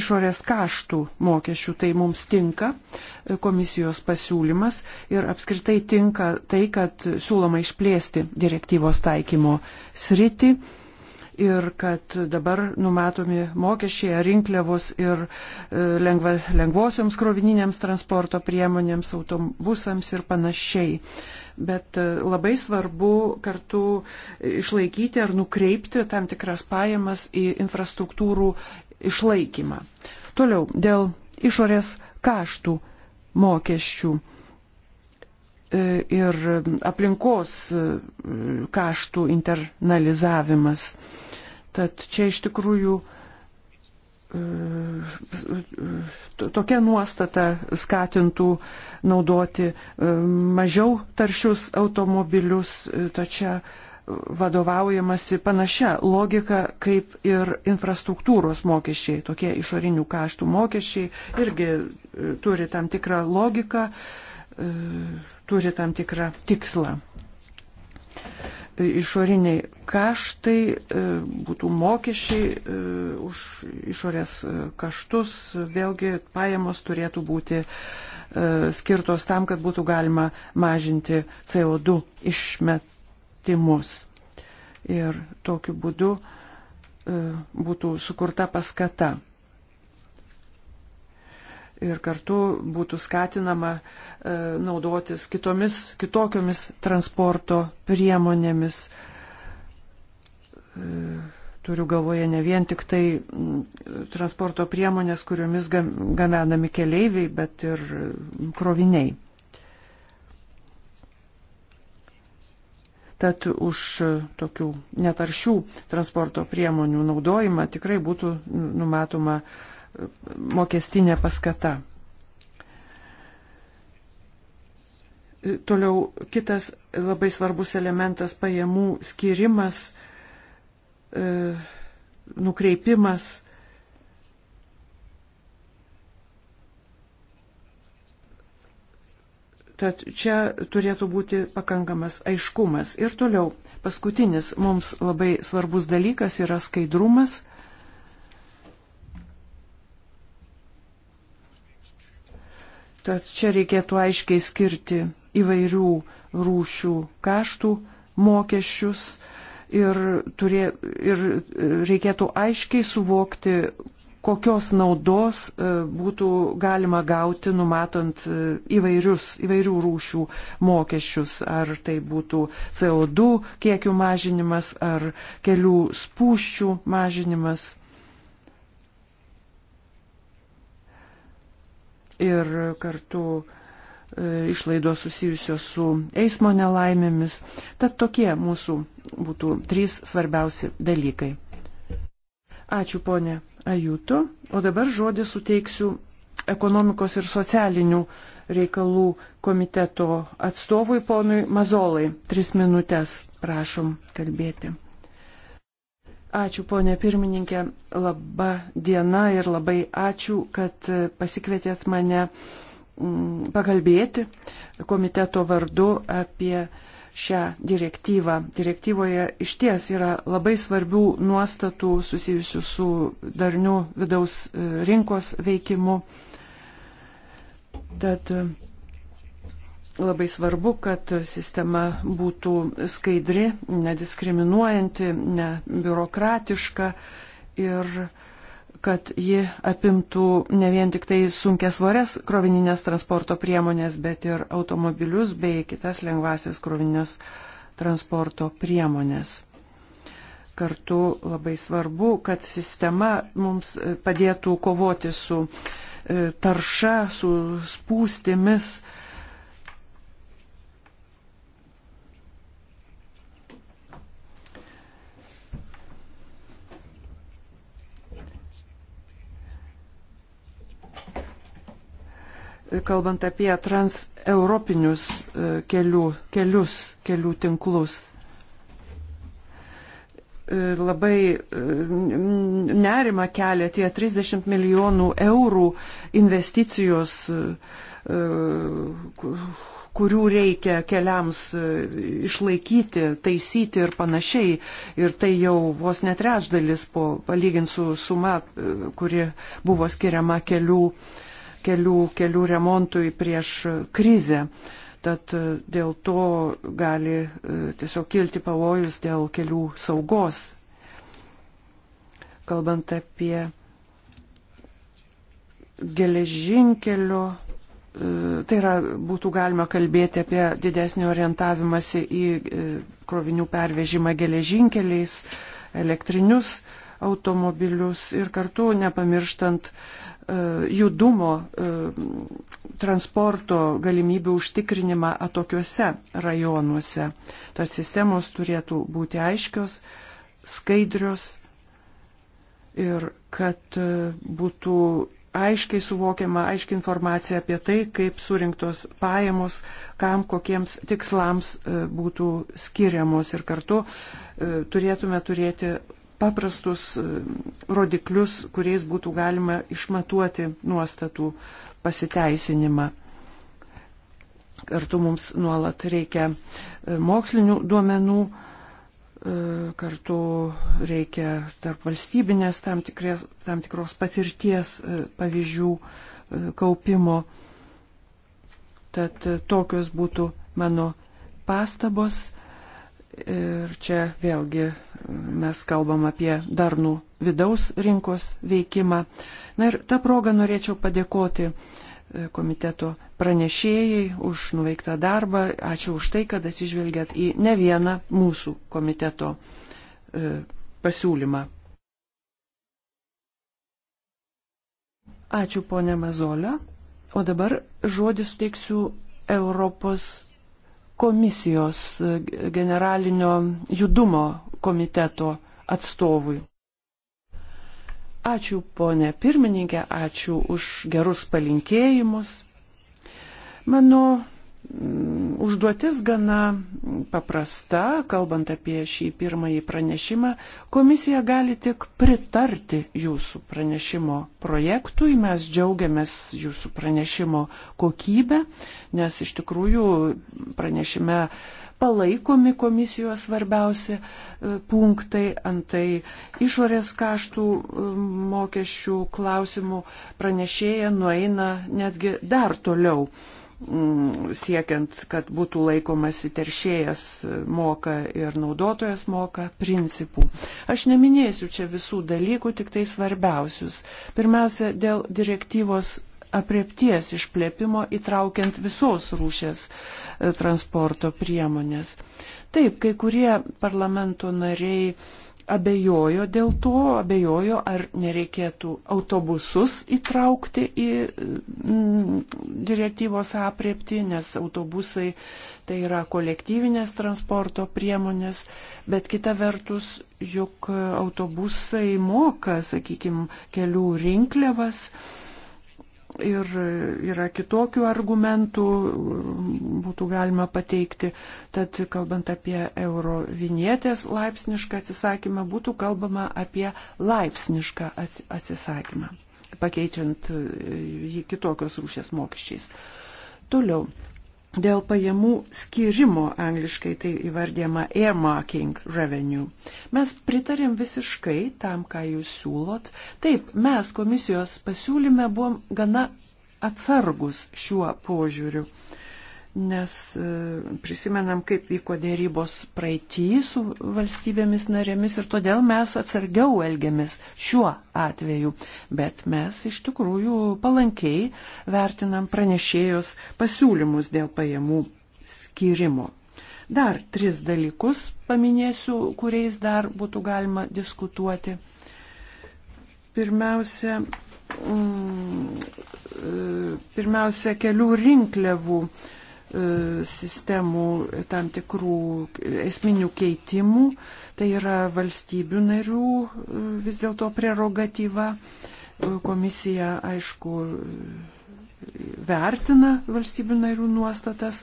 išorės kaštų mokesčių, tai mums tinka e, komisijos pasiūlymas ir apskritai tinka tai, kad siūloma išplėsti direktyvos taikymo sritį ir kad dabar numatomi mokesčiai rinkliavos ir e, lengva, lengvosioms krovininiams transporto priemonėms, autobusams ir panašiai. Bet e, labai svarbu kartu išlaikyti ar nukreipti tam tikras pajamas į infrastruktūrų išlaikymą. Toliau, dėl išorės kaštų mokesčių e, ir aplinkos kaštų internalizavimas. Tad čia iš tikrųjų e, tokia nuostata skatintų naudoti e, mažiau taršius automobilius, e, tačiau vadovaujamasi panašia logika kaip ir infrastruktūros mokesčiai, tokie išorinių kaštų mokesčiai irgi turi tam tikrą logiką, turi tam tikrą tikslą išoriniai kaštai, e, būtų mokesčiai e, už išorės e, kaštus, vėlgi pajamos turėtų būti skirtos tam, kad būtų galima mažinti CO2 išmetimus. Ir tokiu būdu būtų sukurta paskata ir kartu būtų skatinama e, naudotis kitomis, kitokiomis transporto priemonėmis. E, turiu galvoje ne vien tik tai transporto priemonės, kuriomis gamenami keleiviai, bet ir kroviniai. Tad už e, tokių netaršių transporto priemonių naudojimą tikrai būtų numatoma uh, mokestinė paskata. Toliau kitas labai svarbus elementas - pajamų skirimas, e, nukreipimas. Tad čia turėtų būti pakankamas aiškumas. Ir toliau, paskutinis mums labai svarbus dalykas yra skaidrumas. kad čia reikėtų aiškiai skirti įvairių rūšių kaštų mokesčius ir, turė, ir reikėtų aiškiai suvokti, kokios naudos e, būtų galima gauti, numatant e, įvairius, įvairių rūšių mokesčius, ar tai būtų CO2 kiekių mažinimas, ar kelių spūščių mažinimas. ir kartu e, išlaidos susijusios su eismo nelaimėmis. Tad tokie mūsų būtų trys svarbiausi dalykai. Ačiū ponė Ajuto, o dabar žodį suteiksiu ekonomikos ir socialinių reikalų komiteto atstovui ponui Mazolai. Tris minutės prašom kalbėti. Ačiū, ponė pirmininkė, laba diena ir labai ačiū, kad pasikvietėt mane mm, pakalbėti komiteto vardu apie šią direktyvą. Direktyvoje iš ties yra labai svarbių nuostatų susijusių su darniu vidaus e, rinkos veikimu. Tad labai svarbu, kad sistema būtų skaidri, nediskriminuojanti, nebiurokratiška ir kad ji apimtų ne vien tik tai sunkia svarias krovininės transporto priemonės, bet ir automobilius bei kitas lengvasis krovininės transporto priemonės. Kartu labai svarbu, kad sistema mums padėtų kovoti su e, tarša, su spūstimis, kalbant apie transeuropinius e, kelių, kelius, kelių tinklus. E, labai e, nerima kelia tie 30 milijonų eurų investicijos, kurių reikia keliams išlaikyti, taisyti ir panašiai. Ir tai jau vos netrečdalis, palyginti su suma, kuri buvo skiriama kelių uh, kelių, kelių remontui prieš krizę. Tad e, dėl to gali e, tiesiog kilti pavojus dėl kelių saugos. Kalbant apie geležinkelio, e, tai yra būtų galima kalbėti apie didesnį orientavimąsi į krovinių pervežimą geležinkeliais, elektrinius automobilius ir kartu nepamirštant uh, E, judumo e, transporto galimybių užtikrinimą atokiuose rajonuose. Tad sistemos turėtų būti aiškios, skaidrios ir kad e, būtų aiškiai suvokiama, aiškiai informacija apie tai, kaip surinktos pajamos, kam kokiems tikslams būtų skiriamos ir kartu turėtume turėti paprastus e, rodiklius, kuriais būtų galima išmatuoti nuostatų pasiteisinimą. Kartu mums nuolat reikia e, mokslinių duomenų, e, kartu reikia tarp valstybinės tam, tikrės, tam tikros patirties pavyzdžių kaupimo. Tad tokios būtų mano pastabos ir čia vėlgi mes kalbam apie darnų vidaus rinkos veikimą. Na ir tą progą norėčiau padėkoti e, komiteto pranešėjai už nuveiktą darbą. Ačiū už tai, kad atsižvelgiat į ne vieną mūsų komiteto e, pasiūlymą. Ačiū ponė Mazolė. O dabar žodį suteiksiu Europos komisijos e, generalinio judumo komiteto atstovui. Ačiū ponė pirmininkė, ačiū už gerus palinkėjimus. Mano Užduotis gana paprasta, kalbant apie šį pirmąjį pranešimą, komisija gali tik pritarti jūsų pranešimo projektui, mes džiaugiamės jūsų pranešimo kokybę, nes iš tikrųjų pranešime palaikomi komisijos svarbiausi e, punktai, antai išorės kaštų e, mokesčių klausimų pranešėja nueina netgi dar toliau Mm, siekiant, kad būtų laikomasi teršėjas moka ir naudotojas moka principų. Aš neminėsiu čia visų dalykų, tik tai svarbiausius. Pirmiausia, dėl direktyvos apriepties išplėpimo įtraukiant visos rūšės e, transporto priemonės. Taip, kai kurie parlamento nariai abejojo dėl to, abejojo, ar nereikėtų autobusus įtraukti į mm, direktyvos apriepti, nes autobusai tai yra kolektyvinės transporto priemonės, bet kita vertus, juk autobusai moka, sakykime, kelių rinkliavas, ir yra kitokių argumentų, būtų galima pateikti. Tad kalbant apie euro vinietės laipsnišką atsisakymą, būtų kalbama apie laipsnišką atsisakymą, pakeičiant e, jį kitokios rūšės mokesčiais. Toliau dėl pajamų skirimo, angliškai tai įvardėma earmarking revenue. Mes pritarėm visiškai tam, ką jūs siūlot. Taip, mes komisijos pasiūlyme buvom gana atsargus šiuo požiūriu. Uh, nes e, prisimenam, kaip vyko dėrybos praeitį su valstybėmis narėmis ir todėl mes atsargiau elgiamės šiuo atveju. Bet mes iš tikrųjų palankiai vertinam pranešėjos pasiūlymus dėl pajamų skirimo. Dar tris dalykus paminėsiu, kuriais dar būtų galima diskutuoti. Pirmiausia, mm, e, pirmiausia kelių rinkliavų uh, E, sistemų tam tikrų esminių keitimų, tai yra valstybių narių e, vis dėlto prerogatyva. E, komisija, aišku, vertina valstybių narių nuostatas,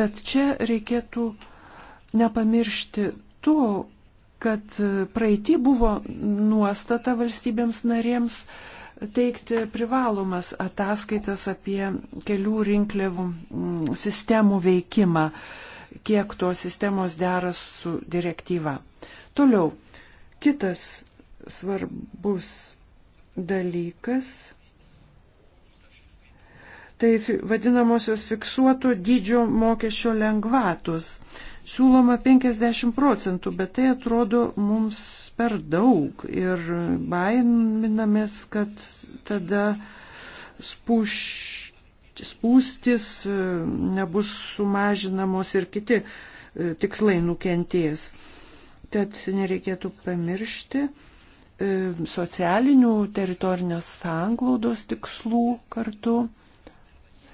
bet čia reikėtų nepamiršti to, kad praeitį buvo nuostata valstybėms narėms uh, teikti privalomas ataskaitas apie kelių rinkliavų mm, sistemų veikimą, kiek tos sistemos deras su direktyva. Toliau, kitas svarbus dalykas. Tai vadinamosios fiksuotų dydžio mokesčio lengvatus. Uh, siūloma 50 procentų, bet tai atrodo mums per daug ir baiminamės, kad tada spuš, spūstis e, nebus sumažinamos ir kiti e, tikslai nukentės. Tad nereikėtų pamiršti e, socialinių teritorinės sanglaudos tikslų kartu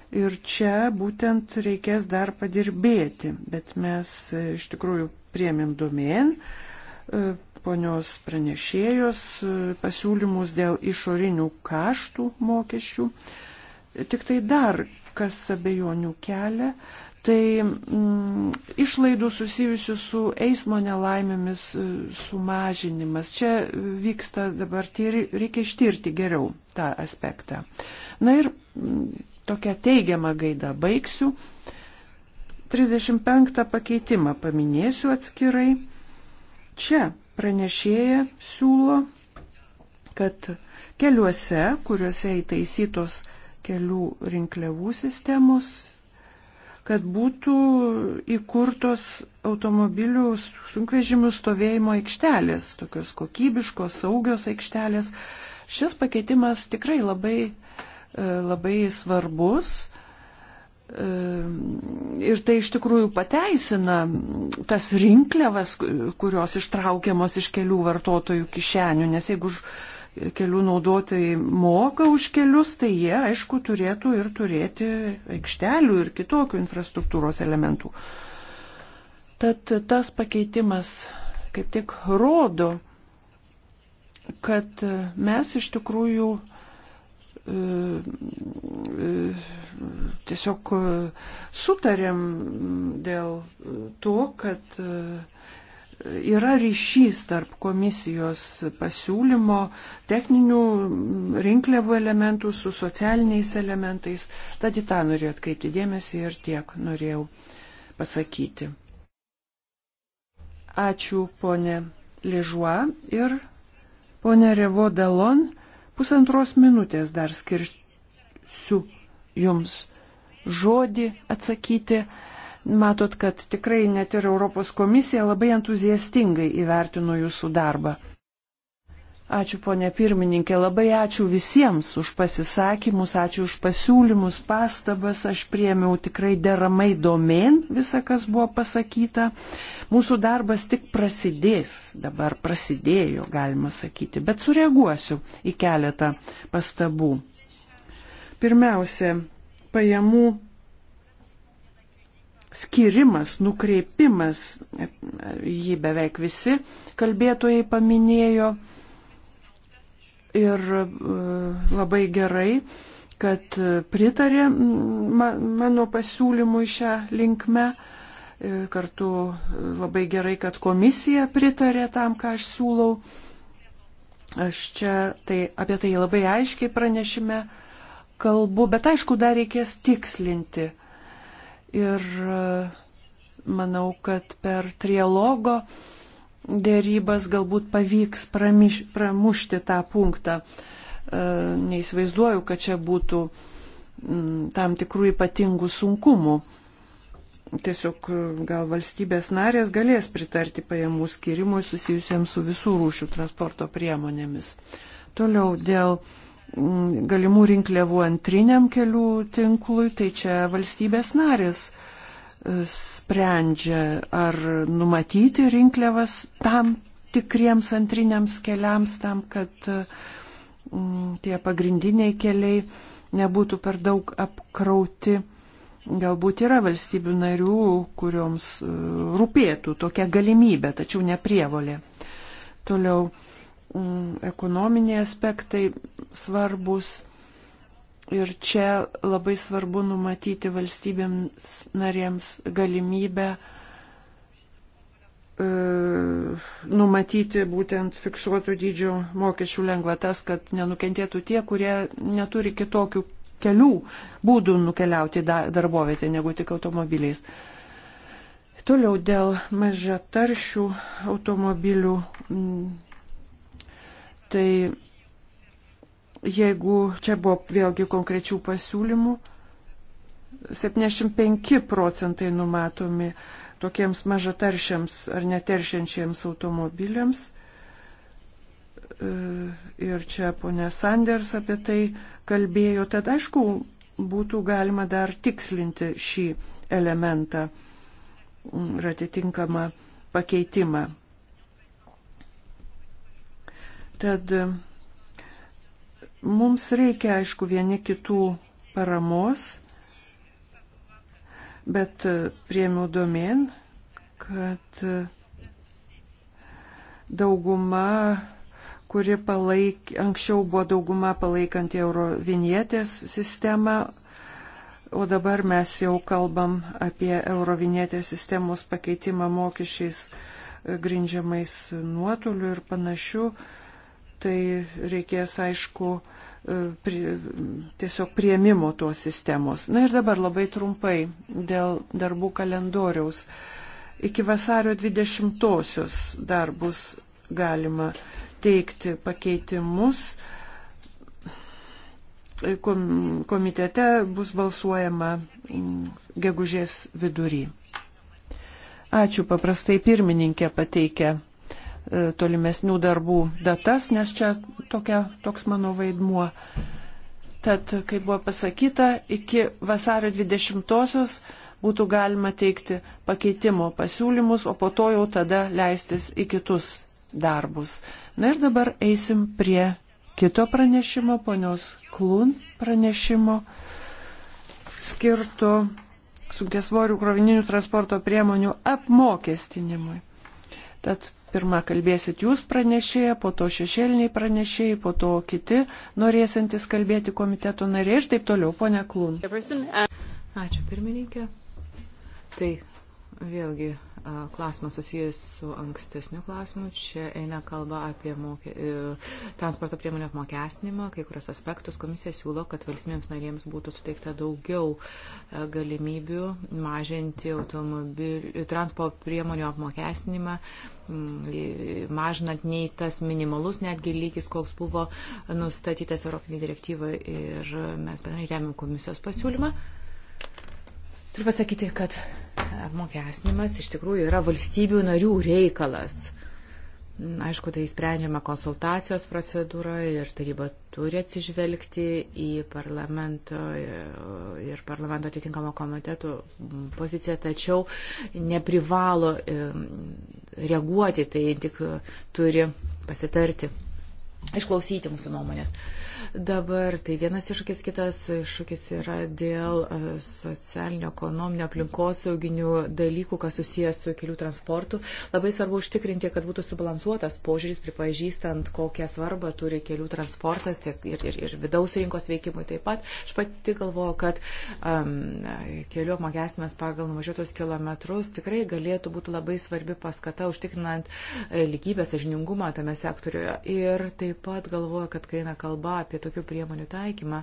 Ir čia būtent reikės dar padirbėti, bet mes e, iš tikrųjų priemėm domėn e, ponios pranešėjos e, pasiūlymus dėl išorinių kaštų mokesčių. Tik tai dar, kas abejonių kelia, tai mm, išlaidų susijusių su eismo nelaimėmis sumažinimas. Čia vyksta dabar, tai reikia ištirti geriau tą aspektą. Na ir mm, tokią teigiamą gaidą baigsiu. 35 pakeitimą paminėsiu atskirai. Čia pranešėja siūlo, kad keliuose, kuriuose įtaisytos kelių rinkliavų sistemos, kad būtų įkurtos automobilių sunkvežimių stovėjimo aikštelės, tokios kokybiškos, saugios aikštelės. Šis pakeitimas tikrai labai E, labai svarbus. E, ir tai iš tikrųjų pateisina tas rinkliavas, kurios ištraukiamos iš kelių vartotojų kišenių, nes jeigu kelių naudotojai moka už kelius, tai jie, aišku, turėtų ir turėti aikštelių ir kitokių infrastruktūros elementų. Tad tas pakeitimas kaip tik rodo, kad mes iš tikrųjų tiesiog e, sutarėm dėl to, kad e, yra ryšys tarp komisijos pasiūlymo techninių rinkliavų elementų su socialiniais elementais. Tad į tą norėjau atkreipti dėmesį ir tiek norėjau pasakyti. Ačiū ponė Ližuo ir ponė Revo Dalon. Pusantros minutės dar skirsiu jums žodį atsakyti. Matot, kad tikrai net ir Europos komisija labai entuziastingai įvertino jūsų darbą. Ačiū, ponė pirmininkė, labai ačiū visiems už pasisakymus, ačiū už pasiūlymus, pastabas. Aš priemiau tikrai deramai domen visą, kas buvo pasakyta. Mūsų darbas tik prasidės, dabar prasidėjo, galima sakyti, bet sureaguosiu į keletą pastabų. Pirmiausia, pajamų skirimas, nukreipimas, jį beveik visi kalbėtojai paminėjo ir e, labai gerai, kad pritarė mano pasiūlymui šią linkmę. E, kartu labai gerai, kad komisija pritarė tam, ką aš siūlau. Aš čia tai, apie tai labai aiškiai pranešime kalbu, bet aišku, dar reikės tikslinti. Ir e, manau, kad per trialogo uh, dėrybas galbūt pavyks pramiš, pramušti tą punktą. E, neįsivaizduoju, kad čia būtų mm, tam tikrų ypatingų sunkumų. Tiesiog e, gal valstybės narės galės pritarti pajamų skirimui susijusiems su visų rūšių transporto priemonėmis. Toliau dėl mm, galimų rinkliavų antriniam kelių tinklui, tai čia valstybės narės sprendžia, ar numatyti rinkliavas tam tikriems antriniams keliams, tam, kad mm, tie pagrindiniai keliai nebūtų per daug apkrauti. Galbūt yra valstybių narių, kurioms e, rūpėtų tokia galimybė, tačiau neprievolė. Toliau mm, ekonominiai aspektai svarbus Ir čia labai svarbu numatyti valstybėms narėms galimybę e, numatyti būtent fiksuotų dydžių mokesčių lengvatas, kad nenukentėtų tie, kurie neturi kitokių kelių būdų nukeliauti darbovietę negu tik automobiliais. Toliau dėl maža taršių automobilių. Tai jeigu čia buvo vėlgi konkrečių pasiūlymų, 75 procentai numatomi tokiems mažataršiams ar neteršiančiams automobiliams. E, ir čia ponė Sanders apie tai kalbėjo. Tad aišku, būtų galima dar tikslinti šį elementą ir atitinkamą pakeitimą. Tad Mums reikia, aišku, vieni kitų paramos, bet e, priemiau domen, kad e, dauguma, kuri palaik, anksčiau buvo dauguma palaikanti eurovinietės sistemą, o dabar mes jau kalbam apie eurovinietės sistemos pakeitimą mokesčiais e, grindžiamais nuotoliu ir panašiu. Uh, tai reikės, aišku, e, prie, tiesiog prieimimo tos sistemos. Na ir dabar labai trumpai dėl darbų kalendoriaus. Iki vasario 20-osios dar bus galima teikti pakeitimus. Komitete bus balsuojama mm, gegužės vidury. Ačiū paprastai pirmininkė pateikia E, tolimesnių darbų datas, nes čia tokia, toks mano vaidmuo. Tad, kaip buvo pasakyta, iki vasario 20-osios būtų galima teikti pakeitimo pasiūlymus, o po to jau tada leistis į kitus darbus. Na ir dabar eisim prie kito pranešimo, ponios Klun pranešimo, skirto sunkesvorių krovininių transporto priemonių apmokestinimui. Tad Pirmą kalbėsit jūs pranešėję, po to šešėliniai pranešėjai, po to kiti norėsintys kalbėti komiteto nariai ir taip toliau, ponia Klūn. Ačiū pirmininkė. Tai vėlgi klausimą susijęs su ankstesniu klausimu. Čia eina kalba apie mokė, e, transporto priemonių apmokestinimą. Kai kurios aspektus komisija siūlo, kad valstybėms narėms būtų suteikta daugiau e, galimybių mažinti e, transporto priemonių apmokestinimą mm, mažinant nei tas minimalus netgi lygis, koks buvo nustatytas Europinė direktyva ir mes bendrai remiam komisijos pasiūlymą. Mhm Turiu pasakyti, kad apmokesnimas iš tikrųjų yra valstybių narių reikalas. Aišku, tai sprendžiama konsultacijos procedūroje ir taryba turi atsižvelgti į parlamento ir parlamento atitinkamo komitetų poziciją, tačiau neprivalo reaguoti, tai tik turi pasitarti, išklausyti mūsų nuomonės. Dabar tai vienas iššūkis, kitas iššūkis yra dėl e, socialinio, ekonominio, aplinkosauginių dalykų, kas susijęs su kelių transportu. Labai svarbu užtikrinti, kad būtų subalansuotas požiūris, pripažįstant, kokią svarbą turi kelių transportas tiek ir, ir, ir vidaus rinkos veikimui taip pat. Aš pati galvoju, kad um, kelių apmokestimas pagal nuvažiuotus kilometrus tikrai galėtų būti labai svarbi paskata užtikrinant e, lygybę, sažiningumą tame sektoriuje. Ir taip pat galvoju, kad kai eina kalba apie tokių priemonių taikymą,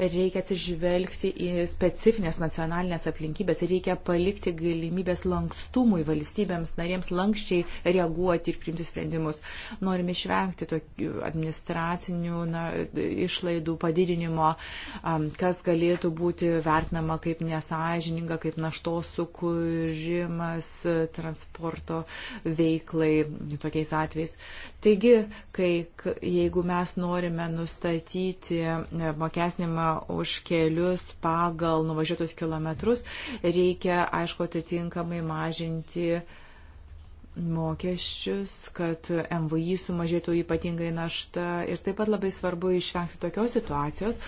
reikia atsižvelgti į specifines nacionalinės aplinkybės ir reikia palikti galimybės lankstumui valstybėms narėms lankščiai reaguoti ir priimti sprendimus. Norim išvengti tokių administracinių na, išlaidų padidinimo, kas galėtų būti vertinama kaip nesažininga, kaip naštos sukūrimas transporto veiklai tokiais atvejais. Taigi, kai, jeigu mes norime nustatyti, nustatyti e, mokesnimą už kelius pagal nuvažiuotus kilometrus, reikia, aišku, atitinkamai mažinti mokesčius, kad MVI sumažėtų ypatingai našta. Ir taip pat labai svarbu išvengti tokios situacijos,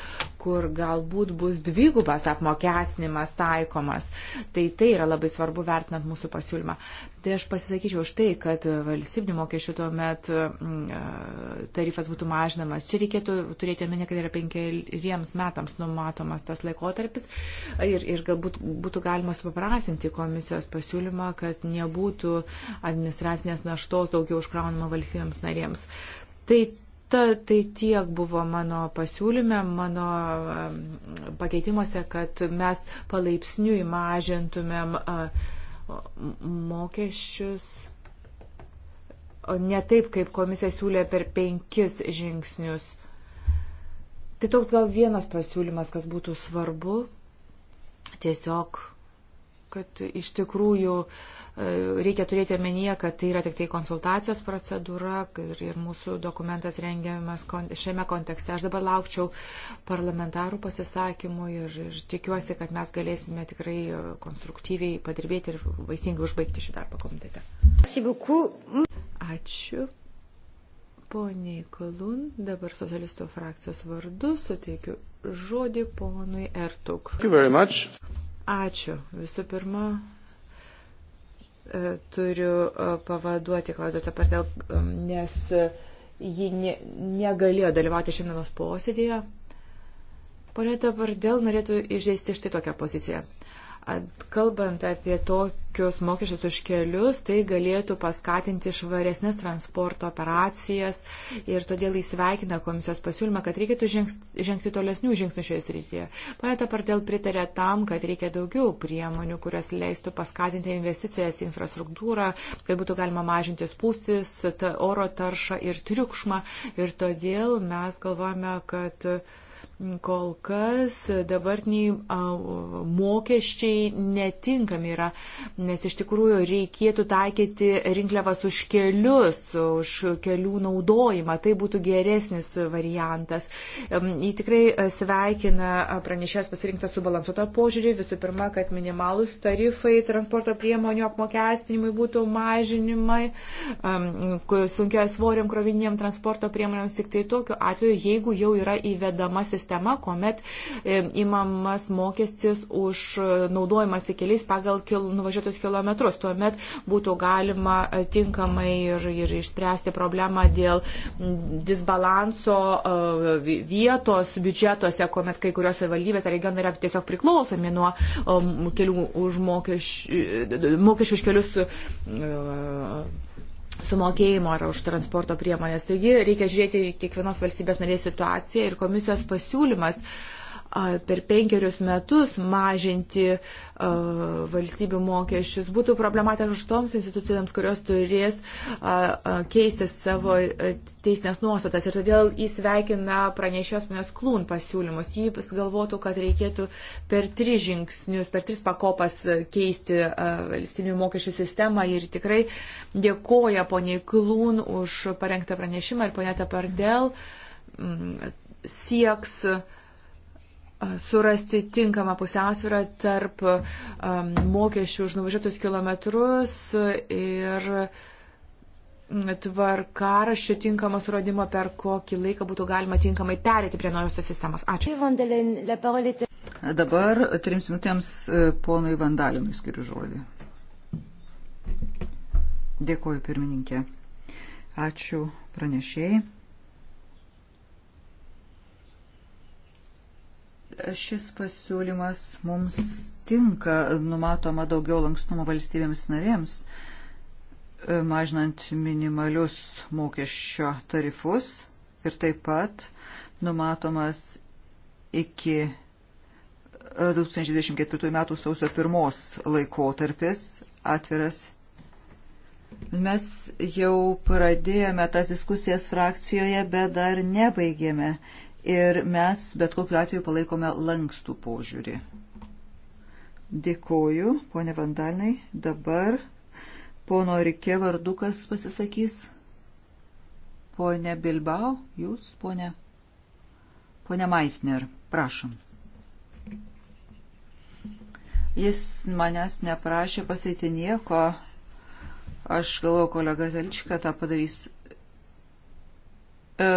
kur galbūt bus dvigubas apmokesnimas taikomas. Tai tai yra labai svarbu vertinant mūsų pasiūlymą. Tai aš pasisakyčiau už tai, kad valstybinių mokesčių tuo metu mm, e, tarifas būtų mažinamas. Čia reikėtų turėti omenyje, kad yra penkeriems metams numatomas tas laikotarpis ir, ir galbūt būtų galima supaprasinti komisijos pasiūlymą, kad nebūtų administracinės naštos daugiau užkraunama valstybėms narėms. Tai Ta, tai tiek buvo mano pasiūlyme, mano mm, pakeitimuose, kad mes palaipsniui mažintumėm uh, mokesčius ne taip, kaip komisija siūlė per penkis žingsnius. Tai toks gal vienas pasiūlymas, kas būtų svarbu. Tiesiog kad iš tikrųjų e, reikia turėti omenyje, kad tai yra tik tai konsultacijos procedūra ir, ir mūsų dokumentas rengiamas kon, šiame kontekste. Aš dabar laukčiau parlamentarų pasisakymų ir, ir tikiuosi, kad mes galėsime tikrai e, konstruktyviai padirbėti ir vaisingai užbaigti šį darbą komitete. Ačiū. Poniai Kalun, dabar socialistų frakcijos vardu suteikiu žodį ponui Ertuk. Thank you very much. Ačiū. Visų pirma, e, turiu e, pavaduoti Klaudotą Partel, nes e, ji ne, negalėjo dalyvauti šiandienos posėdėje. Ponė Tapardėl norėtų išdėsti štai tokią poziciją. Kalbant apie tokius mokesčius už kelius, tai galėtų paskatinti švaresnės transporto operacijas ir todėl įsveikina komisijos pasiūlymą, kad reikėtų žengti, žengti tolesnių žingsnių šioje srityje. Poeta Pardėl pritarė tam, kad reikia daugiau priemonių, kurias leistų paskatinti investicijas į infrastruktūrą, kad būtų galima mažinti spūstis, oro taršą ir triukšmą. Ir todėl mes galvojame, kad Kol kas dabartiniai mokesčiai netinkami yra, nes iš tikrųjų reikėtų taikyti rinkliavas už kelius, už kelių naudojimą. Tai būtų geresnis variantas. Jį tikrai e, sveikina pranešėjas pasirinktas subalansuotą požiūrį. Visų pirma, kad minimalus tarifai transporto priemonių apmokestinimui būtų mažinimai, sunkia svoriam krovininiam transporto priemonėms tik tai tokiu atveju, jeigu jau yra įvedama sistema sistema, kuomet įmamas e, mokestis už e, naudojimąsi keliais pagal kil, nuvažiuotus kilometrus. Tuomet būtų galima e, tinkamai ir, ir išspręsti problemą dėl disbalanso vietos biudžetuose, kuomet kai kurios savivaldybės ar regionai yra tiesiog priklausomi nuo kelių už mokesčių, mokesčių už kelius sumokėjimo ar už transporto priemonės. Taigi reikia žiūrėti kiekvienos valstybės narės situaciją ir komisijos pasiūlymas uh, per penkerius metus mažinti valstybių mokesčius būtų problematiška toms institucijoms, kurios turės keisti savo teisinės nuostatas. Ir todėl įsveikina pranešės manęs klūn pasiūlymus. Jis galvotų, kad reikėtų per tris žingsnius, per tris pakopas keisti valstybių mokesčių sistemą ir tikrai dėkoja poniai klūn už parengtą pranešimą ir ponė Tapardėl sieks uh, surasti tinkamą pusiausvyrą tarp mokesčių už nuvažiuotus kilometrus ir tvarkaraščių tinkamo surodimo, per kokį laiką būtų galima tinkamai perėti prie naujosios sistemos. Ačiū. Dabar trims minutėms e, ponui Vandalinui skiriu žodį. Dėkuoju pirmininkė. Ačiū pranešėjai. Šis pasiūlymas mums tinka, numatoma daugiau lankstumo valstybėms narėms, e, mažinant minimalius mokesčio tarifus ir taip pat numatomas iki 2024 e, metų sausio pirmos laikotarpis atviras Mes jau pradėjome tas diskusijas frakcijoje, bet dar nebaigėme ir mes bet kokiu atveju palaikome lankstų požiūrį. Dėkoju, ponė Vandalnai. Dabar pono Rikė vardukas pasisakys. Pone Bilbao, jūs, ponė. Pone Maisner, prašom. Jis manęs neprašė pasakyti nieko. Aš galvoju, kolega Telička tą padarys E,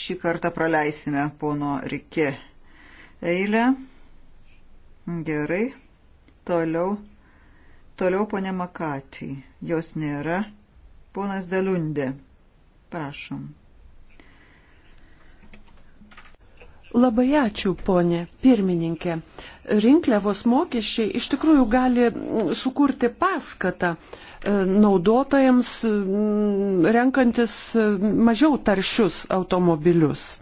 šį kartą praleisime pono Rikė eilę. Gerai. Toliau. Toliau ponė Makatį. Jos nėra. Ponas Deliundė. Prašom. Labai ačiū, ponė pirmininkė. Rinkliavos mokesčiai iš tikrųjų gali sukurti paskatą uh, naudotojams mm, renkantis mm, mažiau taršius automobilius.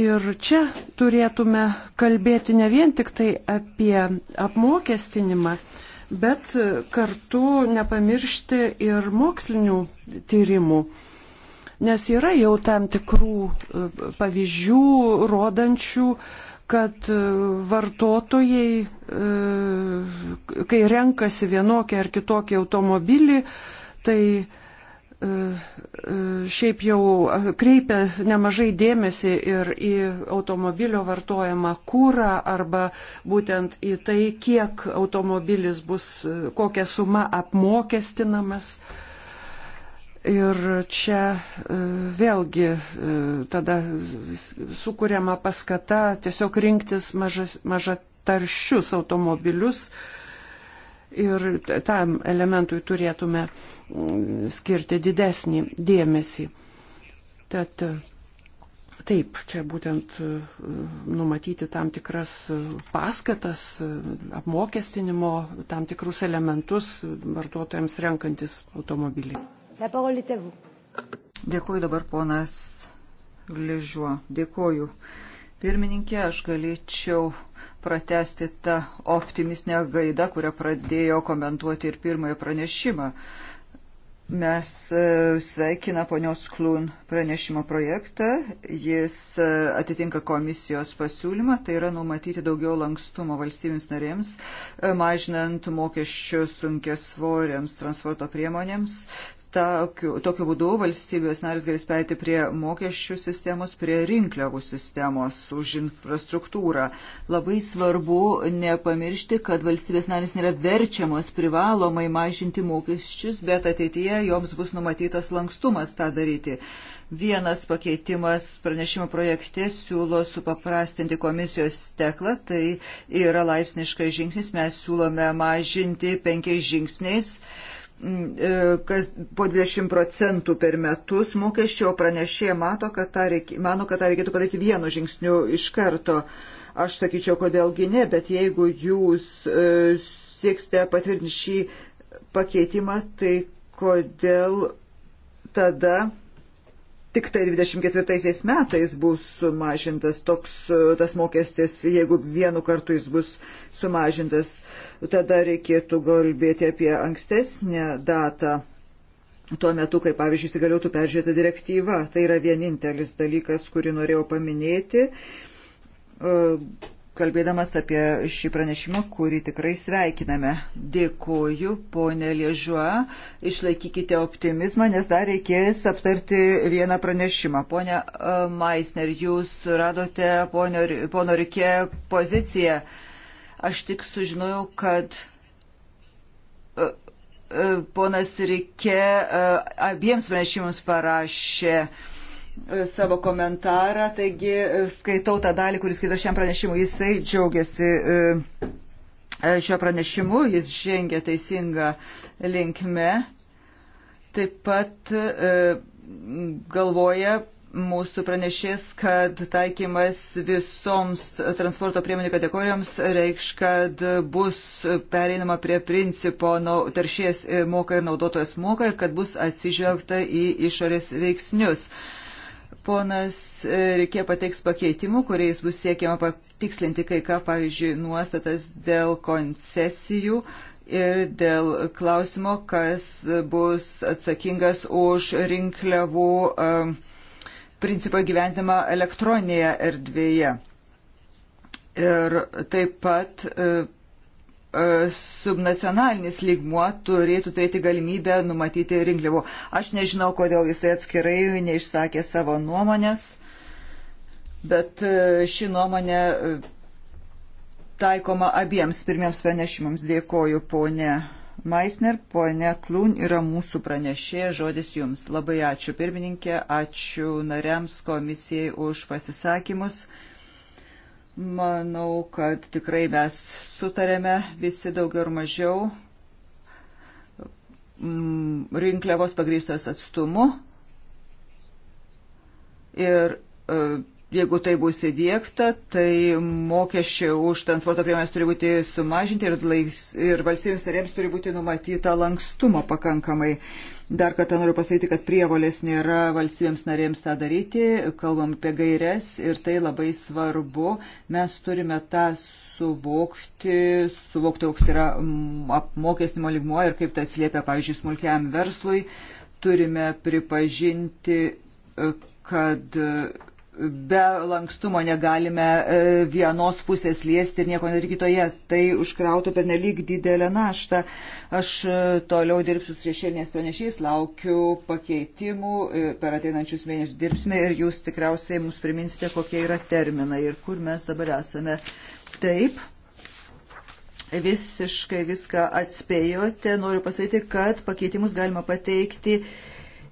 Ir čia turėtume kalbėti ne vien tik tai apie apmokestinimą, bet kartu nepamiršti ir mokslinių tyrimų. Nes yra jau tam tikrų e, pavyzdžių rodančių, kad e, vartotojai, e, kai renkasi vienokį ar kitokį automobilį, tai e, šiaip jau kreipia nemažai dėmesį ir į automobilio vartojamą kūrą arba būtent į tai, kiek automobilis bus, kokia suma apmokestinamas. Uh, Ir čia e, vėlgi e, tada sukūriama paskata tiesiog rinktis mažas, mažataršius automobilius ir tam elementui turėtume mm, skirti didesnį dėmesį. Tad Taip, čia būtent e, numatyti tam tikras paskatas, apmokestinimo, tam tikrus elementus vartotojams renkantis automobilį. La parole est à vous. Dėkuoju dabar ponas Ližuo. Dėkuoju. Pirmininkė, aš galėčiau pratesti tą optimistinę gaidą, kurią pradėjo komentuoti ir pirmąją pranešimą. Mes e, sveikina ponios Klun pranešimo projektą. Jis e, atitinka komisijos pasiūlymą, tai yra numatyti daugiau lankstumo valstybėms narėms, e, mažinant mokesčius sunkia svoriams transporto priemonėms tokiu, tokiu būdu valstybės narys galės perėti prie mokesčių sistemos, prie rinkliavų sistemos už infrastruktūrą. Labai svarbu nepamiršti, kad valstybės narys nėra verčiamos privalomai mažinti mokesčius, bet ateityje joms bus numatytas lankstumas tą daryti. Vienas pakeitimas pranešimo projekte siūlo supaprastinti komisijos steklą, tai yra laipsniškas žingsnis, mes siūlome mažinti penkiais žingsniais. Uh, E, kas po 20 procentų per metus mokesčio pranešėja mato, kad tą reik, mano, kad tą reikėtų padaryti vienu žingsniu iš karto. Aš sakyčiau, kodėlgi ne, bet jeigu jūs e, sieksite patvirtinti šį pakeitimą, tai kodėl tada tik tai 24 metais bus sumažintas toks tas mokestis, jeigu vienu kartu jis bus sumažintas, tada reikėtų galbėti apie ankstesnę datą. Tuo metu, kai pavyzdžiui, įsigaliotų peržiūrėta direktyva, tai yra vienintelis dalykas, kurį norėjau paminėti kalbėdamas apie šį pranešimą, kurį tikrai sveikiname. Dėkuoju, ponė Liežuo, išlaikykite optimizmą, nes dar reikės aptarti vieną pranešimą. Pone e, Maisner, jūs radote ponio, pono Rikė poziciją. Aš tik sužinojau, kad e, e, ponas Rikė abiems pranešimams parašė uh, E, savo komentarą, taigi e, skaitau tą dalį, kuris skaito šiam pranešimu. Jisai džiaugiasi e, šio pranešimu, jis žengia teisingą linkme. Taip pat galvoja mūsų pranešės, kad taikymas visoms transporto priemonių kategorijoms reikš, kad bus pereinama prie principo taršies moka ir naudotojas moka ir kad bus atsižvelgta į išorės veiksnius. Uh, ponas e, Rikė pateiks pakeitimų, kuriais bus siekiama patikslinti kai ką, pavyzdžiui, nuostatas dėl koncesijų ir dėl klausimo, kas bus atsakingas už rinkliavų e, principą gyventimą elektroninėje erdvėje. Ir taip pat e, E, subnacionalinis lygmuo turėtų turėti galimybę numatyti rinkliavų. Aš nežinau, kodėl jisai atskirai neišsakė savo nuomonės, bet e, ši nuomonė e, taikoma abiems pirmiems pranešimams. Dėkoju, ponė Maisner, ponė Klun yra mūsų pranešėja, žodis jums. Labai ačiū pirmininkė, ačiū nariams komisijai už pasisakymus. Manau, kad tikrai mes sutarėme visi daugiau ir mažiau mm, rinkliavos pagrįstos atstumu. Ir e, jeigu tai bus įdėkta, tai mokesčiai už transporto priemonės turi būti sumažinti ir, lais, ir valstybės narėms turi būti numatyta lankstumo pakankamai. Dar kartą noriu pasakyti, kad prievolės nėra valstybėms narėms tą daryti, kalbam apie gairias ir tai labai svarbu. Mes turime tą suvokti, suvokti, koks yra apmokestinimo ligmuo ir kaip tai atsiliepia, pavyzdžiui, smulkiam verslui. Turime pripažinti, kad be lankstumo negalime e, vienos pusės liesti ir nieko nedaryti kitoje. Tai užkrautų per nelik didelę naštą. Aš e, toliau dirbsiu su šešėlinės pranešiais, laukiu pakeitimų, e, per ateinančius mėnesius dirbsime ir jūs tikriausiai mums priminsite, kokie yra terminai ir kur mes dabar esame. Taip. Visiškai viską atspėjote. Noriu pasakyti, kad pakeitimus galima pateikti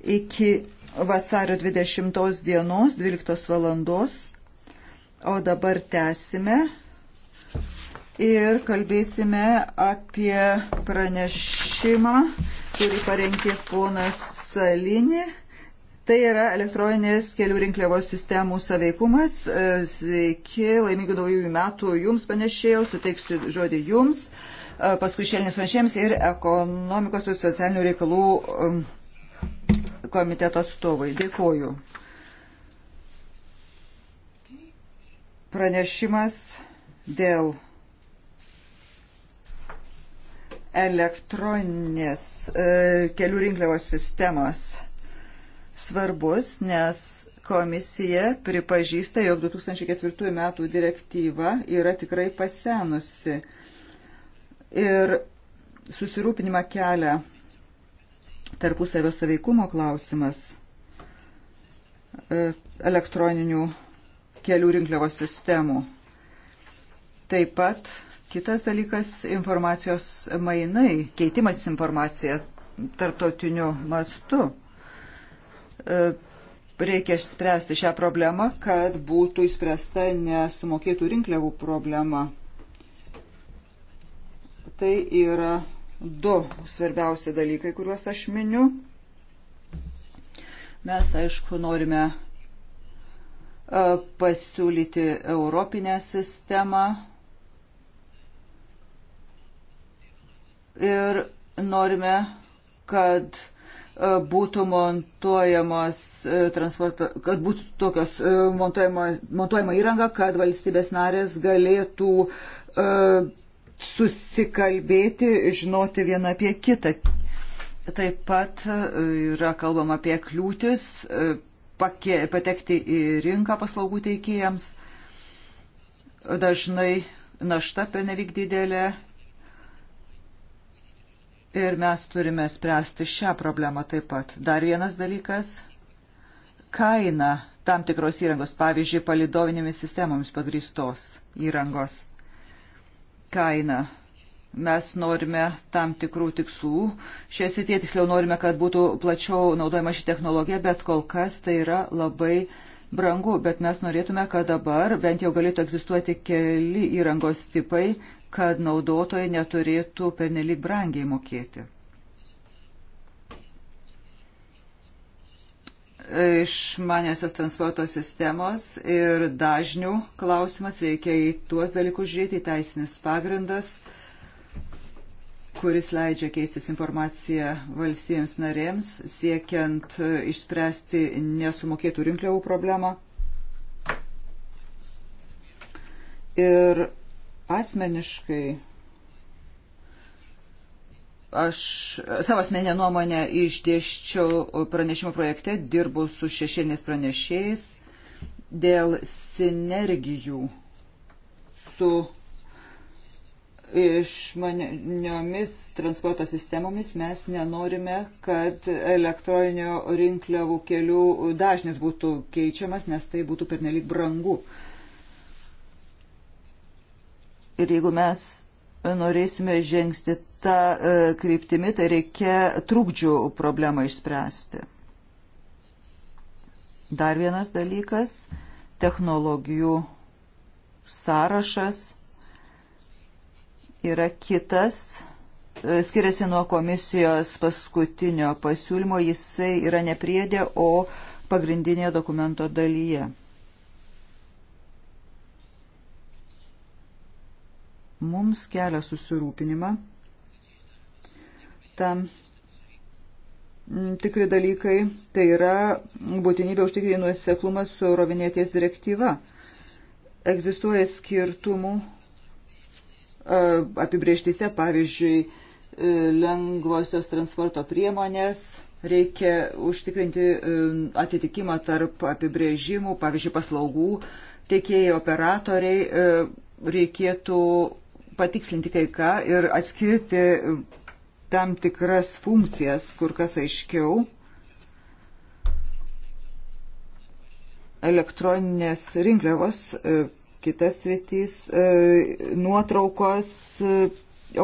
iki vasario 20 dienos 12 valandos. O dabar tęsime ir kalbėsime apie pranešimą, kurį parengė ponas Salinė. Tai yra elektroninės kelių rinkliavos sistemų saveikumas. E, sveiki, laimingų naujųjų metų jums panešėjau, suteiksiu žodį jums, e, paskui šelnis panešėjams ir ekonomikos ir socialinių reikalų komiteto atstovai. Dėkoju. Pranešimas dėl elektroninės e, kelių rinkliavos sistemos svarbus, nes komisija pripažįsta, jog 2004 metų direktyva yra tikrai pasenusi ir susirūpinimą kelia tarpusavio saveikumo klausimas e, elektroninių kelių rinkliavos sistemų. Taip pat kitas dalykas - informacijos mainai, keitimas informacija tarptautiniu mastu. E, reikia išspręsti šią problemą, kad būtų išspręsta nesumokėtų rinkliavų problema. Tai yra du svarbiausi dalykai, kuriuos aš miniu. Mes, aišku, norime e, pasiūlyti europinę sistemą ir norime, kad e, būtų montuojamos e, transporto, kad būtų tokios montuojama, montuojama įranga, kad valstybės narės galėtų uh, susikalbėti, žinoti vieną apie kitą. Taip pat e, yra kalbama apie kliūtis e, pake, patekti į rinką paslaugų teikėjams. Dažnai našta penelik didelė. Ir mes turime spręsti šią problemą taip pat. Dar vienas dalykas - kaina tam tikros įrangos, pavyzdžiui, palidovinėmis sistemomis pagristos įrangos kainą. Mes norime tam tikrų tikslų. Šioje srityje tiksliau norime, kad būtų plačiau naudojama ši technologija, bet kol kas tai yra labai brangu. Bet mes norėtume, kad dabar bent jau galėtų egzistuoti keli įrangos tipai, kad naudotojai neturėtų pernelik brangiai mokėti. išmaniosios transporto sistemos ir dažnių klausimas, reikia į tuos dalykus žiūrėti, į teisinis pagrindas, kuris leidžia keistis informaciją valstybėms narėms, siekiant išspręsti nesumokėtų rinkliavų problemą. Ir asmeniškai aš savo asmenę nuomonę išdėščiau pranešimo projekte, dirbu su šešėliniais pranešėjais dėl sinergijų su išmaniomis transporto sistemomis mes nenorime, kad elektroninio rinkliavų kelių dažnis būtų keičiamas, nes tai būtų pernelik brangu. Ir jeigu mes norėsime žengsti tą e, kryptimį, tai reikia trūkdžių problemą išspręsti. Dar vienas dalykas - technologijų sąrašas yra kitas e, skiriasi nuo komisijos paskutinio pasiūlymo, jisai yra ne priedė, o pagrindinėje dokumento dalyje. Mums kelia susirūpinimą tam mm, tikri dalykai, tai yra būtinybė užtikrinti nuoseklumą su Eurovinėties direktyva. Egzistuoja skirtumų e, apibrieštise, pavyzdžiui, e, lengvosios transporto priemonės, reikia užtikrinti e, atitikimą tarp apibrėžimų, pavyzdžiui, paslaugų tiekėjai, operatoriai, reikėtų patikslinti kai ką ir atskirti tam tikras funkcijas kur kas aiškiau. Elektroninės rinkliavos, e, kitas rytys, e, nuotraukos e,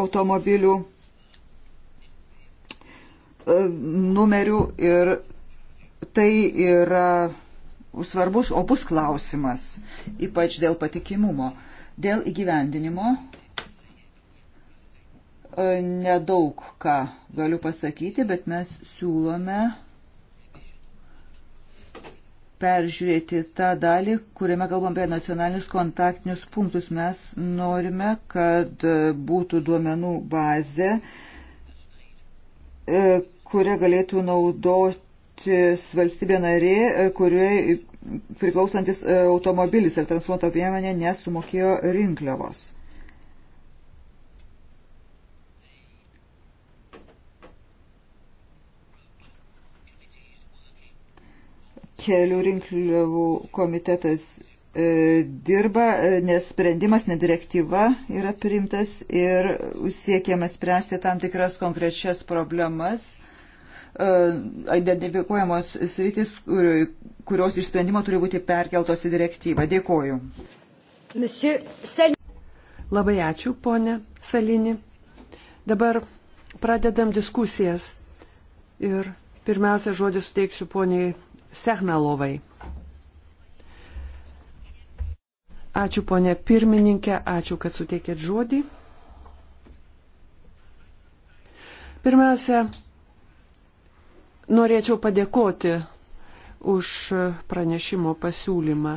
automobilių numerių ir tai yra svarbus opus klausimas, ypač dėl patikimumo. Dėl įgyvendinimo E, nedaug ką galiu pasakyti, bet mes siūlome peržiūrėti tą dalį, kuriame kalbam apie nacionalinius kontaktinius punktus. Mes norime, kad būtų duomenų bazė, e, kurią galėtų naudotis valstybė narė, e, kurioje priklausantis automobilis ar transporto priemonė nesumokėjo rinkliavos. Kelių rinkliavų komitetas e, dirba, e, nes sprendimas, nedirektyva yra priimtas ir siekiama spręsti tam tikras konkrečias problemas e, identifikuojamos sritis, kurios iš sprendimo turi būti perkeltos į direktyvą. Dėkoju. Labai ačiū, ponė Salini. Dabar pradedam diskusijas ir pirmiausia žodį suteiksiu poniai Sehnalovai. Ačiū ponė pirmininkė, ačiū, kad suteikėt žodį. Pirmiausia, norėčiau padėkoti už pranešimo pasiūlymą.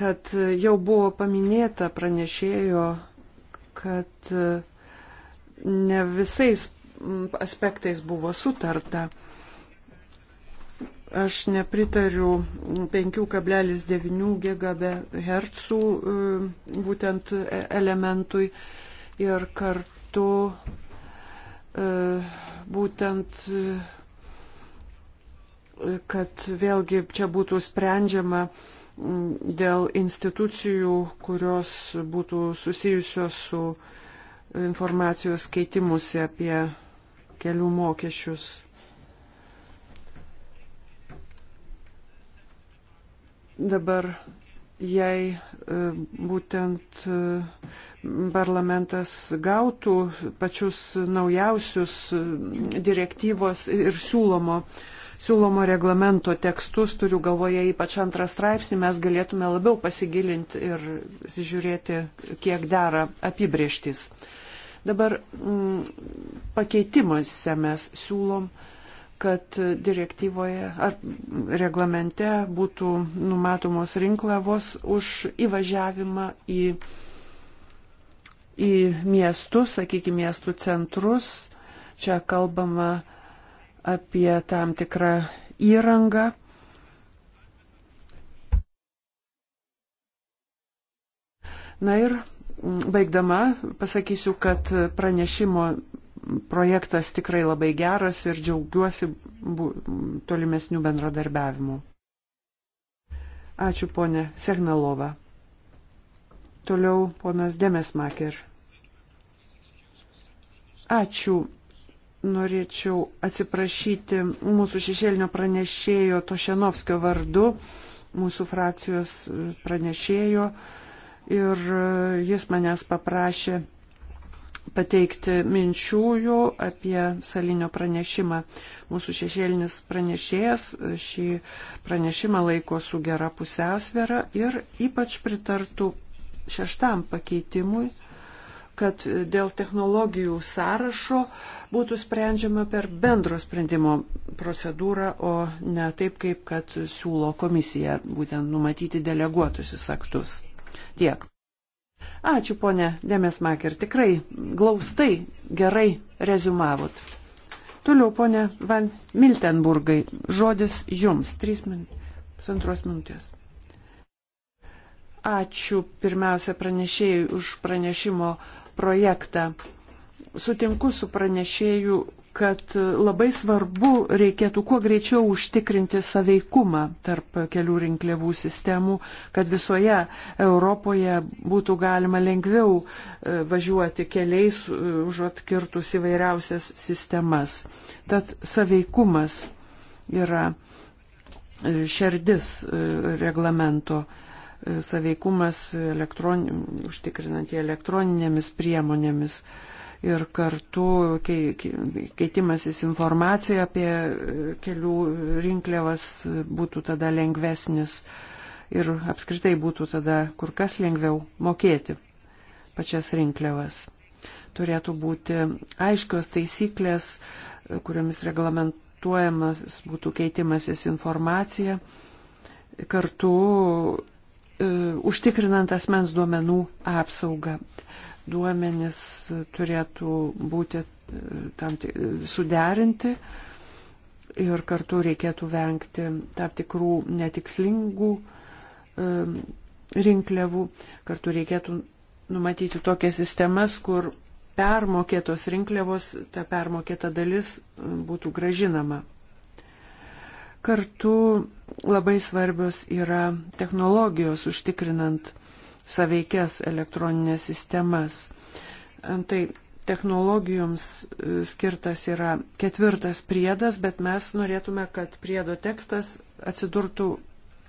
Tad jau buvo paminėta pranešėjo, kad ne visais mm, aspektais buvo sutarta. Aš nepritariu 5,9 GHz e, būtent e, elementui ir kartu e, būtent kad vėlgi čia būtų sprendžiama dėl institucijų, kurios būtų susijusios su uh, informacijos keitimusi apie kelių mokesčius. Dabar jei e, būtent e, parlamentas gautų pačius naujausius e, direktyvos ir siūlomo, siūlomo reglamento tekstus, turiu galvoje ypač antrą straipsnį, mes galėtume labiau pasigilinti ir žiūrėti, kiek dera apibrieštys. Dabar m, mm, pakeitimuose mes siūlom, kad direktyvoje ar reglamente būtų numatomos rinklavos už įvažiavimą į, į miestus, sakykime, miestų centrus. Čia kalbama apie tam tikrą įrangą, Na ir Baigdama pasakysiu, kad pranešimo projektas tikrai labai geras ir džiaugiuosi tolimesnių bendradarbiavimų. Ačiū ponė Segnalova. Toliau ponas Demesmaker. Ačiū. Norėčiau atsiprašyti mūsų šešėlinio pranešėjo Tošenovskio vardu, mūsų frakcijos pranešėjo. Uh, ir e, jis manęs paprašė pateikti minčių jų apie salinio pranešimą. Mūsų šešėlinis pranešėjas e, šį pranešimą laiko su gera pusiausvėra ir ypač pritartų šeštam pakeitimui, kad dėl technologijų sąrašo būtų sprendžiama per bendro sprendimo procedūrą, o ne taip, kaip kad siūlo komisija, būtent numatyti deleguotusius aktus. Tiek. Ačiū, ponė Demesmaker, tikrai glaustai gerai rezumavot. Toliau, ponė Van Miltenburgai, žodis jums, trys min, pusantros minutės. Ačiū pirmiausia pranešėjui už pranešimo projektą. Sutinku su pranešėjų kad labai svarbu reikėtų kuo greičiau užtikrinti saveikumą tarp kelių rinkliavų sistemų, kad visoje Europoje būtų galima lengviau e, važiuoti keliais, e, užuot kirtus įvairiausias sistemas. Tad saveikumas yra e, šerdis reglamento saveikumas elektron... užtikrinant jį elektroninėmis priemonėmis. Uh, ir kartu keitimasis informacija apie e, kelių rinkliavas būtų tada lengvesnis ir apskritai būtų tada kur kas lengviau mokėti pačias rinkliavas. Turėtų būti aiškios taisyklės, e, kuriomis reglamentuojamas būtų keitimasis informacija, kartu e, užtikrinant asmens duomenų apsaugą duomenys turėtų būti e, tam suderinti ir kartu reikėtų vengti tam tikrų netikslingų e, rinkliavų. Kartu reikėtų numatyti tokias sistemas, kur permokėtos rinkliavos, ta permokėta dalis e, būtų gražinama. Kartu labai svarbios yra technologijos užtikrinant saveikias elektroninės sistemas. Antai technologijoms e, skirtas yra ketvirtas priedas, bet mes norėtume, kad priedo tekstas atsidurtų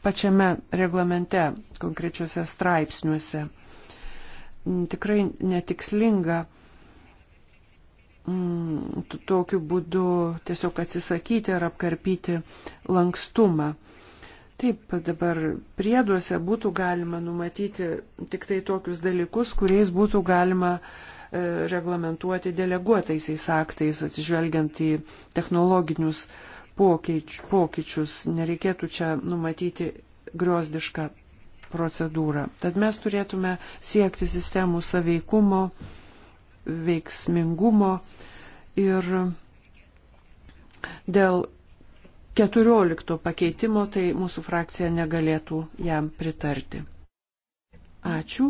pačiame reglamente, konkrečiuose straipsniuose. Mm, tikrai netikslinga mm, tokiu būdu tiesiog atsisakyti ar apkarpyti lankstumą. Taip, dabar prieduose būtų galima numatyti tik tai tokius dalykus, kuriais būtų galima e, reglamentuoti deleguotaisiais aktais, atsižvelgiant į technologinius pokyč, pokyčius. Nereikėtų čia numatyti griozdišką procedūrą. Tad mes turėtume siekti sistemų saveikumo, veiksmingumo ir dėl 14 pakeitimo, tai mūsų frakcija negalėtų jam pritarti. Ačiū.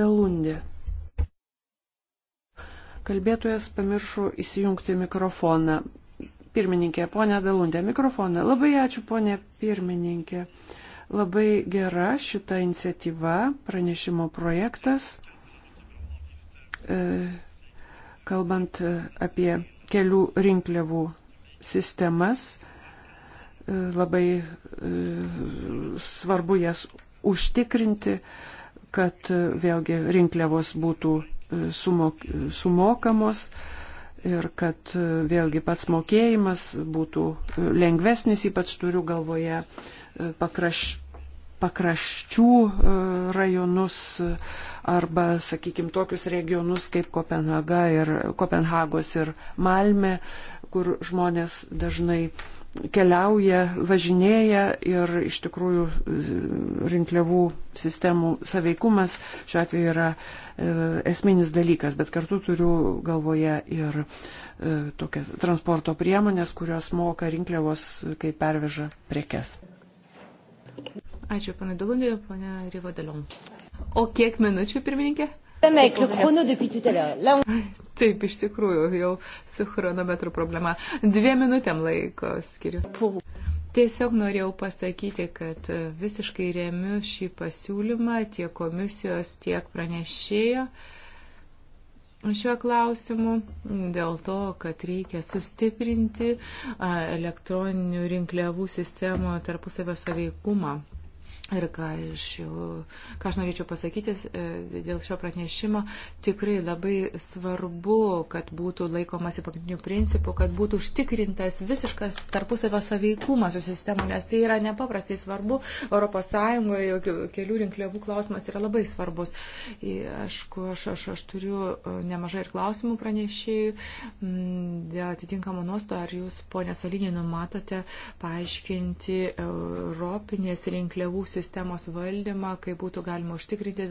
Dalundė. Kalbėtojas pamiršo įsijungti mikrofoną. Pirmininkė, ponė Dalundė, mikrofoną. Labai ačiū, ponė pirmininkė. Labai gera šita iniciatyva, pranešimo projektas. E, kalbant e, apie kelių rinkliavų sistemas, e, labai e, svarbu jas užtikrinti, kad e, vėlgi rinkliavos būtų sumok, sumokamos ir kad vėlgi pats mokėjimas būtų lengvesnis, ypač turiu galvoje pakraš, pakraščių rajonus arba, sakykime, tokius regionus kaip Kopenhaga ir, Kopenhagos ir Malmė, kur žmonės dažnai keliauja, važinėja ir iš tikrųjų e, rinkliavų sistemų saveikumas šiuo atveju yra e, esminis dalykas, bet kartu turiu galvoje ir e, tokias transporto priemonės, kurios moka rinkliavos, kai perveža prekes. Ačiū, pana Dulundė, pana Rivodalion. O kiek minučių, pirmininkė? Taip, iš tikrųjų, jau su chronometru problema. Dviem minutėm laiko skiriu. Tiesiog norėjau pasakyti, kad e, visiškai remiu šį pasiūlymą tiek komisijos, tiek pranešėjo šiuo klausimu, dėl to, kad reikia sustiprinti e, elektroninių rinkliavų sistemo tarpusavio saveikumą. Ir ką aš, jau, ką aš norėčiau pasakyti e, dėl šio pranešimo, tikrai labai svarbu, kad būtų laikomasi pagrindinių principų, kad būtų užtikrintas visiškas tarpusavio saveikumas su sistemu, nes tai yra nepaprastai svarbu. ES kelių rinkliavų klausimas yra labai svarbus. Aišku, aš, aš, aš turiu e, nemažai ir klausimų pranešėjų mm, dėl atitinkamo nuosto, ar jūs, ponė Salinė, numatote paaiškinti e, Europinės rinkliavų sistemą sistemos valdymą, kaip būtų galima užtikrinti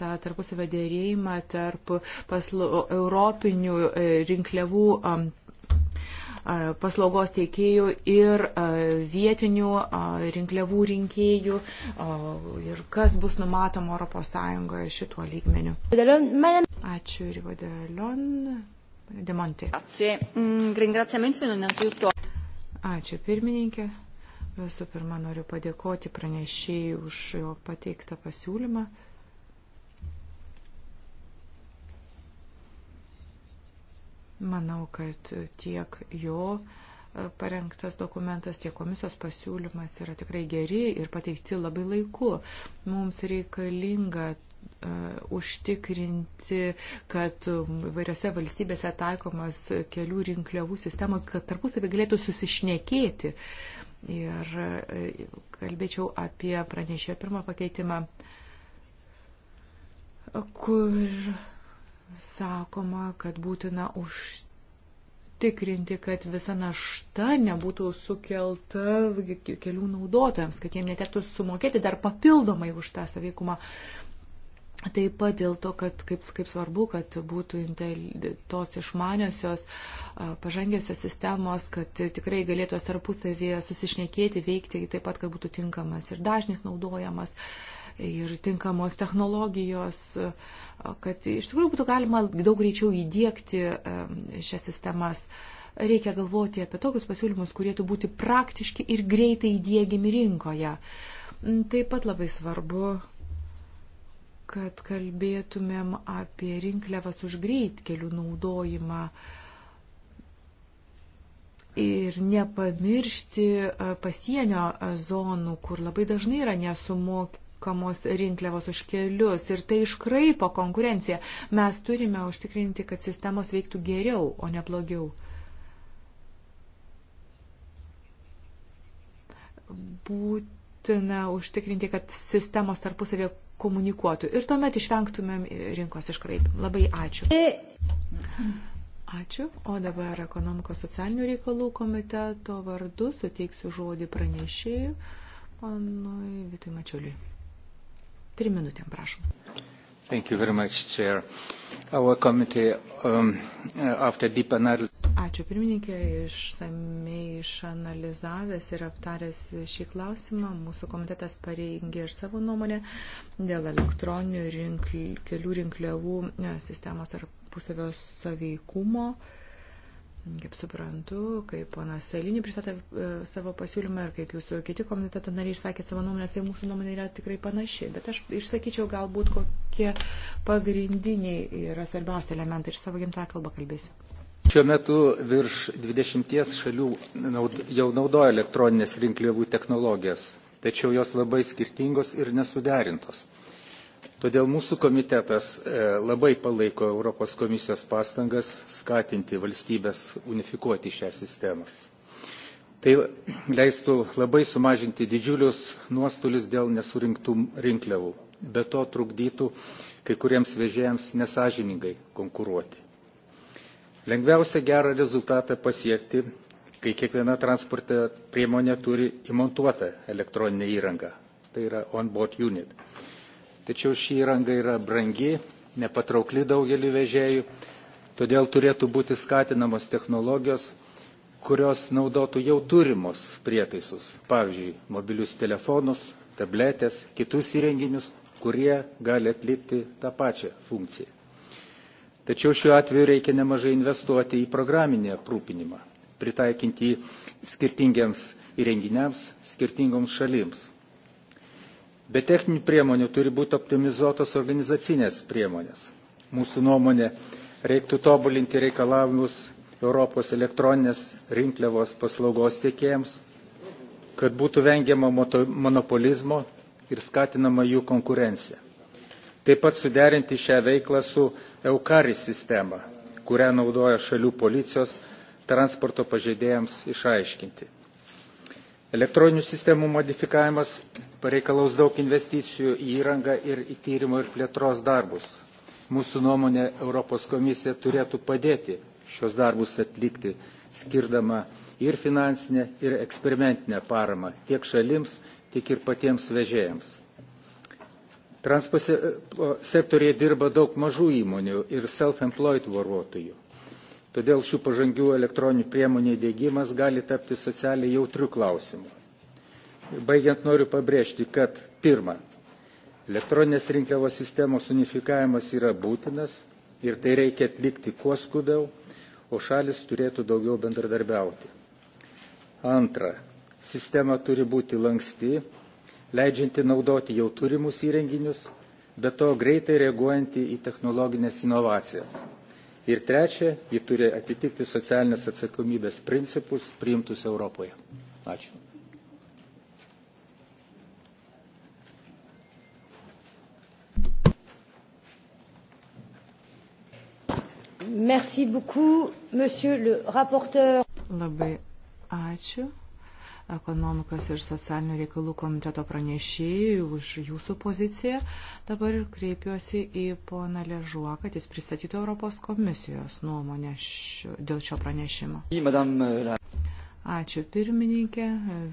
tą tarpusavę dėrėjimą tarp paslo, europinių e, rinkliavų paslaugos teikėjų ir vietinių rinkliavų rinkėjų ir kas bus numatoma ES šituo lygmeniu. Ačiū ir vadėlion. Demonti. Ačiū pirmininkė. Visų pirma, noriu padėkoti pranešėjai už jo pateiktą pasiūlymą. Manau, kad tiek jo e, parengtas dokumentas, tiek komisijos pasiūlymas yra tikrai geri ir pateikti labai laiku. Mums reikalinga e, užtikrinti, kad vairiose valstybėse taikomas kelių rinkliavų sistemos, kad tarpusavį galėtų susišnekėti. Uh, Ir e, kalbėčiau apie pranešėjo pirmą pakeitimą, kur sakoma, kad būtina užtikrinti, kad visa našta nebūtų sukelta kelių naudotojams, kad jiem netektų sumokėti dar papildomai už tą saveikumą. Uh, Taip pat dėl to, kad kaip, kaip svarbu, kad būtų tos išmaniosios, pažangiosios sistemos, kad tikrai galėtų tarpusavėje susišnekėti, veikti, taip pat, kad būtų tinkamas ir dažnis naudojamas, ir tinkamos technologijos, kad iš tikrųjų būtų galima daug greičiau įdėkti šias sistemas. Reikia galvoti apie tokius pasiūlymus, kurie turėtų būti praktiški ir greitai įdėgiami rinkoje. Taip pat labai svarbu kad kalbėtumėm apie rinkliavas už greitkelių naudojimą ir nepamiršti e, pasienio e, zonų, kur labai dažnai yra nesumokė mokamos rinkliavos už kelius ir tai iškraipo konkurenciją. Mes turime užtikrinti, kad sistemos veiktų geriau, o ne blogiau. Būtina užtikrinti, kad sistemos tarpusavė komunikuotų ir tuomet išvengtumėm rinkos iškraipimų. Labai ačiū. Ačiū. O dabar ekonomikos socialinių reikalų komiteto vardu suteiksiu žodį pranešėjui, panui Vitui Mačiuliui. Trim minutėm, prašom. Thank you very much, Chair. Our committee, um, uh, after deep analysis. Ačiū pirmininkė, išsamei išanalizavęs ir aptaręs šį klausimą, mūsų komitetas pareigė ir savo nuomonę dėl elektroninių rinkl, kelių rinkliavų e, sistemos tarpusavio saveikumo. Uh, Kaip suprantu, kaip ponas Selinį pristatė e, savo pasiūlymą ir kaip jūsų kiti komiteto nariai išsakė savo nuomonę, tai mūsų nuomonė yra tikrai panaši. Bet aš išsakyčiau galbūt kokie pagrindiniai yra svarbiausi elementai ir savo gimtą kalbą kalbėsiu. Šiuo metu virš 20 šalių jau naudoja elektroninės rinkliavų technologijas, tačiau jos labai skirtingos ir nesuderintos. Todėl mūsų komitetas e, labai palaiko Europos komisijos pastangas skatinti valstybės unifikuoti šią sistemą. Tai leistų labai sumažinti didžiulius nuostolius dėl nesurinktų rinkliavų, be to trukdytų kai kuriems vežėjams nesažiningai konkuruoti. Lengviausia gerą rezultatą pasiekti, kai kiekviena transporto priemonė turi įmontuotą elektroninę įrangą, tai yra on-board unit tačiau ši įranga yra brangi, nepatraukli daugeliu vežėjų, todėl turėtų būti skatinamos technologijos, kurios naudotų jau turimus prietaisus, pavyzdžiui, mobilius telefonus, tabletės, kitus įrenginius, kurie gali atlikti tą pačią funkciją. Tačiau šiuo atveju reikia nemažai investuoti į programinį aprūpinimą, pritaikinti skirtingiams įrenginiams, skirtingoms šalims. Be techninių priemonių turi būti optimizuotos organizacinės priemonės. Mūsų nuomonė reiktų tobulinti reikalavimus Europos elektroninės rinkliavos paslaugos tiekėjams, kad būtų vengiama monopolizmo ir skatinama jų konkurencija. Taip pat suderinti šią veiklą su EUCARI sistema, kurią naudoja šalių policijos transporto pažeidėjams išaiškinti. Elektroninių sistemų modifikavimas pareikalaus daug investicijų į įrangą ir į tyrimo ir plėtros darbus. Mūsų nuomonė Europos komisija turėtų padėti šios darbus atlikti, skirdama ir finansinę, ir eksperimentinę paramą tiek šalims, tiek ir patiems vežėjams. Transporto sektorėje dirba daug mažų įmonių ir self-employed vartotojų. Todėl šių pažangių elektroninių priemonių įdėgymas gali tapti socialiai jautrių klausimų. Baigiant noriu pabrėžti, kad pirma, elektroninės rinkliavos sistemos unifikavimas yra būtinas ir tai reikia atlikti kuo skubiau, o šalis turėtų daugiau bendradarbiauti. Antra, sistema turi būti lanksti, leidžianti naudoti jau turimus įrenginius, bet to greitai reaguojanti į technologinės inovacijas. Ir trečia, ji turi atitikti socialinės atsakomybės principus priimtus Europoje. Ačiū. Merci beaucoup, monsieur le rapporteur. Labai ačiū ekonomikos ir socialinių reikalų komiteto pranešėjai už jūsų poziciją. Dabar kreipiuosi į poną Ležuo, kad jis pristatytų Europos komisijos nuomonę šio, dėl šio pranešimo. Į, madame, la... Ačiū pirmininkė.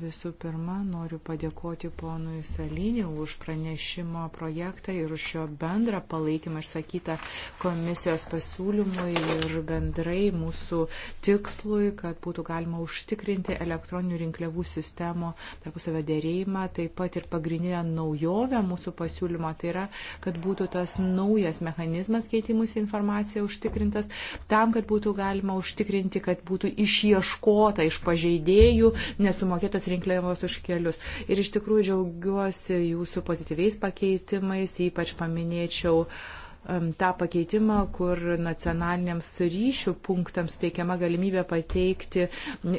Visų pirma, noriu padėkoti ponui Salinį už pranešimo projektą ir už šio bendrą palaikymą išsakytą komisijos pasiūlymui ir bendrai mūsų tikslui, kad būtų galima užtikrinti elektroninių rinkliavų sistemo tarpusavio dėrėjimą, taip pat ir pagrindinę naujovę mūsų pasiūlymo, tai yra, kad būtų tas naujas mechanizmas keitimus informacija užtikrintas, tam, kad būtų galima užtikrinti, kad būtų išieškota iš pažiūrėjimo pažeidėjų, nesumokėtos rinkliavos už kelius. Ir iš tikrųjų džiaugiuosi jūsų pozityviais pakeitimais, ypač paminėčiau uh, tą pakeitimą, kur nacionaliniams ryšių punktams teikiama galimybė pateikti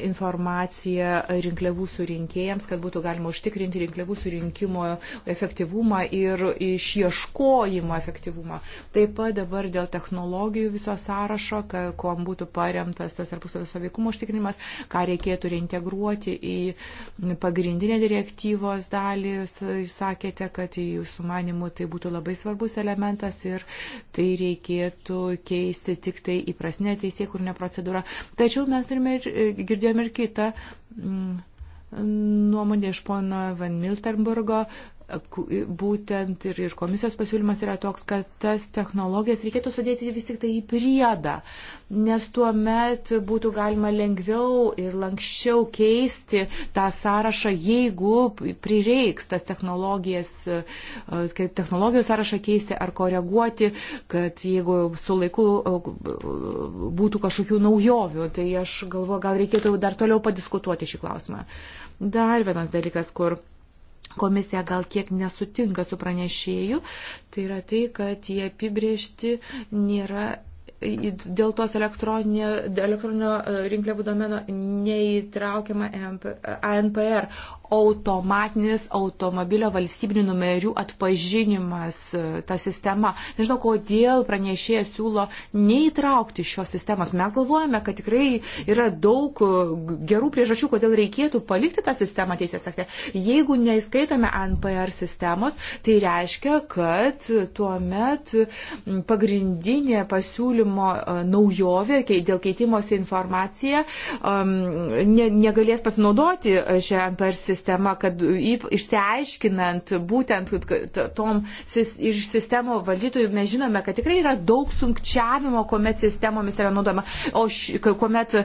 informaciją rinkliavų surinkėjams, kad būtų galima užtikrinti rinkliavų surinkimo efektyvumą ir išieškojimo efektyvumą. Taip pat dabar dėl technologijų viso sąrašo, kuo būtų paremtas tas tarpusavio saveikumo užtikrinimas, ką reikėtų reintegruoti į pagrindinę direktyvos dalį. Jūs sakėte, kad jūsų manimų tai būtų labai svarbus elementas ir tai reikėtų keisti tik tai įprasnė teisėkūrinė procedūra. Tačiau mes turime ir e, girdėjome ir kitą mm, nuomonė iš pono Van Miltenburgo, būtent ir, ir komisijos pasiūlymas yra toks, kad tas technologijas reikėtų sudėti vis tik tai į priedą, nes tuo met būtų galima lengviau ir lankščiau keisti tą sąrašą, jeigu prireiks tas technologijas, e, kaip technologijų sąrašą keisti ar koreguoti, kad jeigu su laiku e, būtų kažkokių naujovių, tai aš galvoju, gal reikėtų dar toliau padiskutuoti šį klausimą. Dar vienas dalykas, kur komisija gal kiek nesutinka su pranešėju, tai yra tai, kad jie apibriežti nėra dėl tos elektroninio e, rinkliavų domeno neįtraukiama ANPR, automatinis automobilio valstybinių numerių atpažinimas, e, ta sistema. Nežinau, kodėl pranešėjas siūlo neįtraukti šios sistemos. Mes galvojame, kad tikrai yra daug e, gerų priežasčių, kodėl reikėtų palikti tą sistemą teisės akte. Jeigu neįskaitome NPR sistemos, tai reiškia, kad tuo met pagrindinė pasiūlymo e, naujovė dėl keitimosi informacija ne, negalės pasinaudoti šią NPR sistemą sistema, kad išsiaiškinant būtent tom iš sistemo valdytojų mes žinome, kad tikrai yra daug sunkčiavimo, kuomet sistemomis yra naudojama, o š, kuomet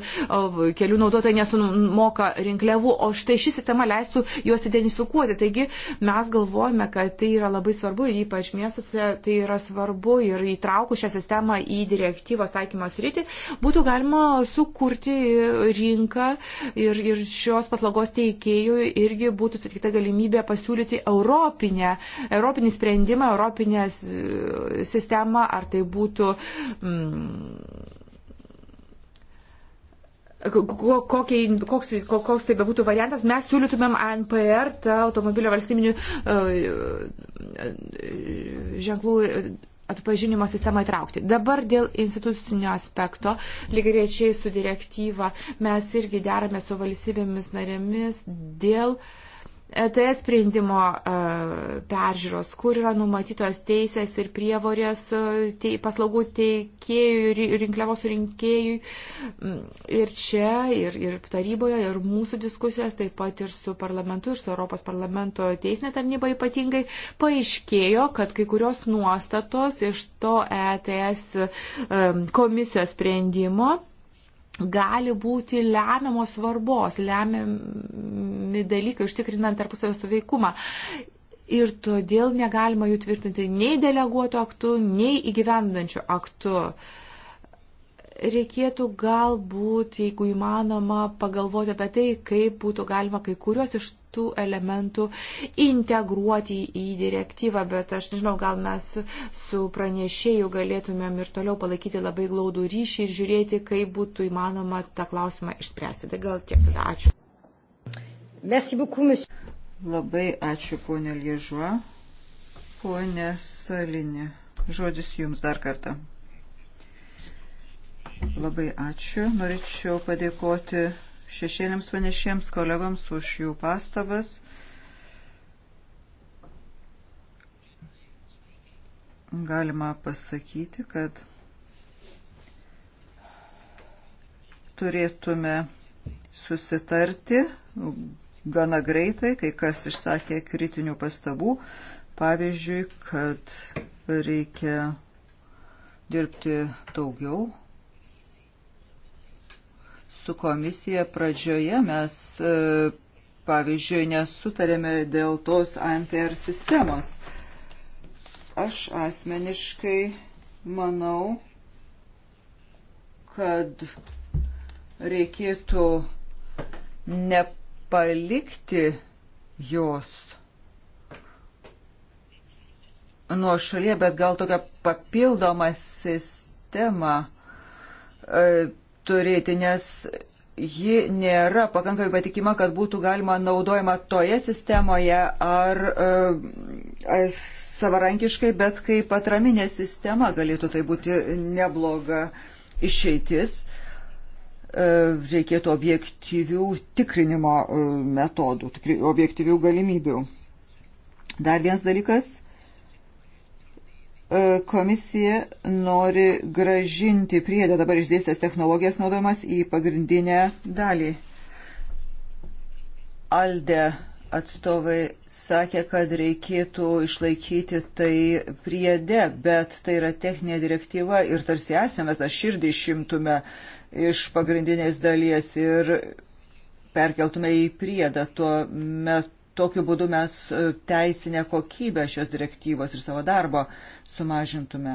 kelių naudotojai nesumoka rinkliavų, o štai ši sistema leistų juos identifikuoti. Taigi mes galvojame, kad tai yra labai svarbu ir ypač miestuose tai yra svarbu ir įtraukus šią sistemą į direktyvos taikymos rytį būtų galima sukurti rinką ir, ir šios paslaugos teikėjų irgi būtų sutikta galimybė pasiūlyti europinę, europinį sprendimą, europinę sistemą, ar tai būtų. Mm, kokiai, koks, koks tai bebūtų variantas, mes siūlytumėm ANPR, tą automobilio valstybinių e, e, ženklų atpažinimo sistemą įtraukti. Dabar dėl institucinio aspekto, lygiai rečiai su direktyva, mes irgi derame su valstybėmis narėmis dėl uh, ETS sprendimo e, peržiūros, kur yra numatytos teisės ir prievorės e, tei, paslaugų teikėjui ir rinkliavos rinkėjui. Mm, ir čia, ir, ir taryboje, ir mūsų diskusijos, taip pat ir su parlamentu, ir su Europos parlamento teisinė tarnyba ypatingai, paaiškėjo, kad kai kurios nuostatos iš to ETS e, komisijos sprendimo gali būti lemiamos svarbos, lemiami dalykai užtikrinant tarpusavio suveikumą. Ir todėl negalima jų tvirtinti nei deleguotų aktų, nei įgyvendančių aktų. Uh, reikėtų galbūt, jeigu įmanoma, pagalvoti apie tai, kaip būtų galima kai kuriuos iš tų elementų integruoti į direktyvą, bet aš nežinau, gal mes su pranešėju galėtumėm ir toliau palaikyti labai glaudų ryšį ir žiūrėti, kaip būtų įmanoma tą klausimą išspręsti. Tai gal tiek, tada ačiū. Merci beaucoup, monsieur. Labai ačiū, ponė Liežuo. Ponė Salinė, žodis jums dar kartą. Labai ačiū. Norėčiau padėkoti šešėliams panešiems kolegams už jų pastabas. Galima pasakyti, kad turėtume susitarti gana greitai, kai kas išsakė kritinių pastabų. Pavyzdžiui, kad reikia dirbti daugiau, su komisija pradžioje mes, e, pavyzdžiui, nesutarėme dėl tos ANPR sistemos. Aš asmeniškai manau, kad reikėtų nepalikti jos nuo šalia, bet gal tokią papildomą sistemą e, turėti, nes ji nėra pakankamai patikima, kad būtų galima naudojama toje sistemoje ar, ar e, e, savarankiškai, bet kaip atraminė sistema galėtų tai būti nebloga išeitis. E, reikėtų objektyvių tikrinimo metodų, objektyvių galimybių. Dar vienas dalykas E, komisija nori gražinti priedę dabar išdėstęs technologijas naudojamas į pagrindinę dalį. Alde atstovai sakė, kad reikėtų išlaikyti tai priede, bet tai yra techninė direktyva ir tarsi esame tą širdį išimtume iš pagrindinės dalies ir perkeltume į priedą tuo metu tokiu būdu mes e, teisinę kokybę šios direktyvos ir savo darbo sumažintume.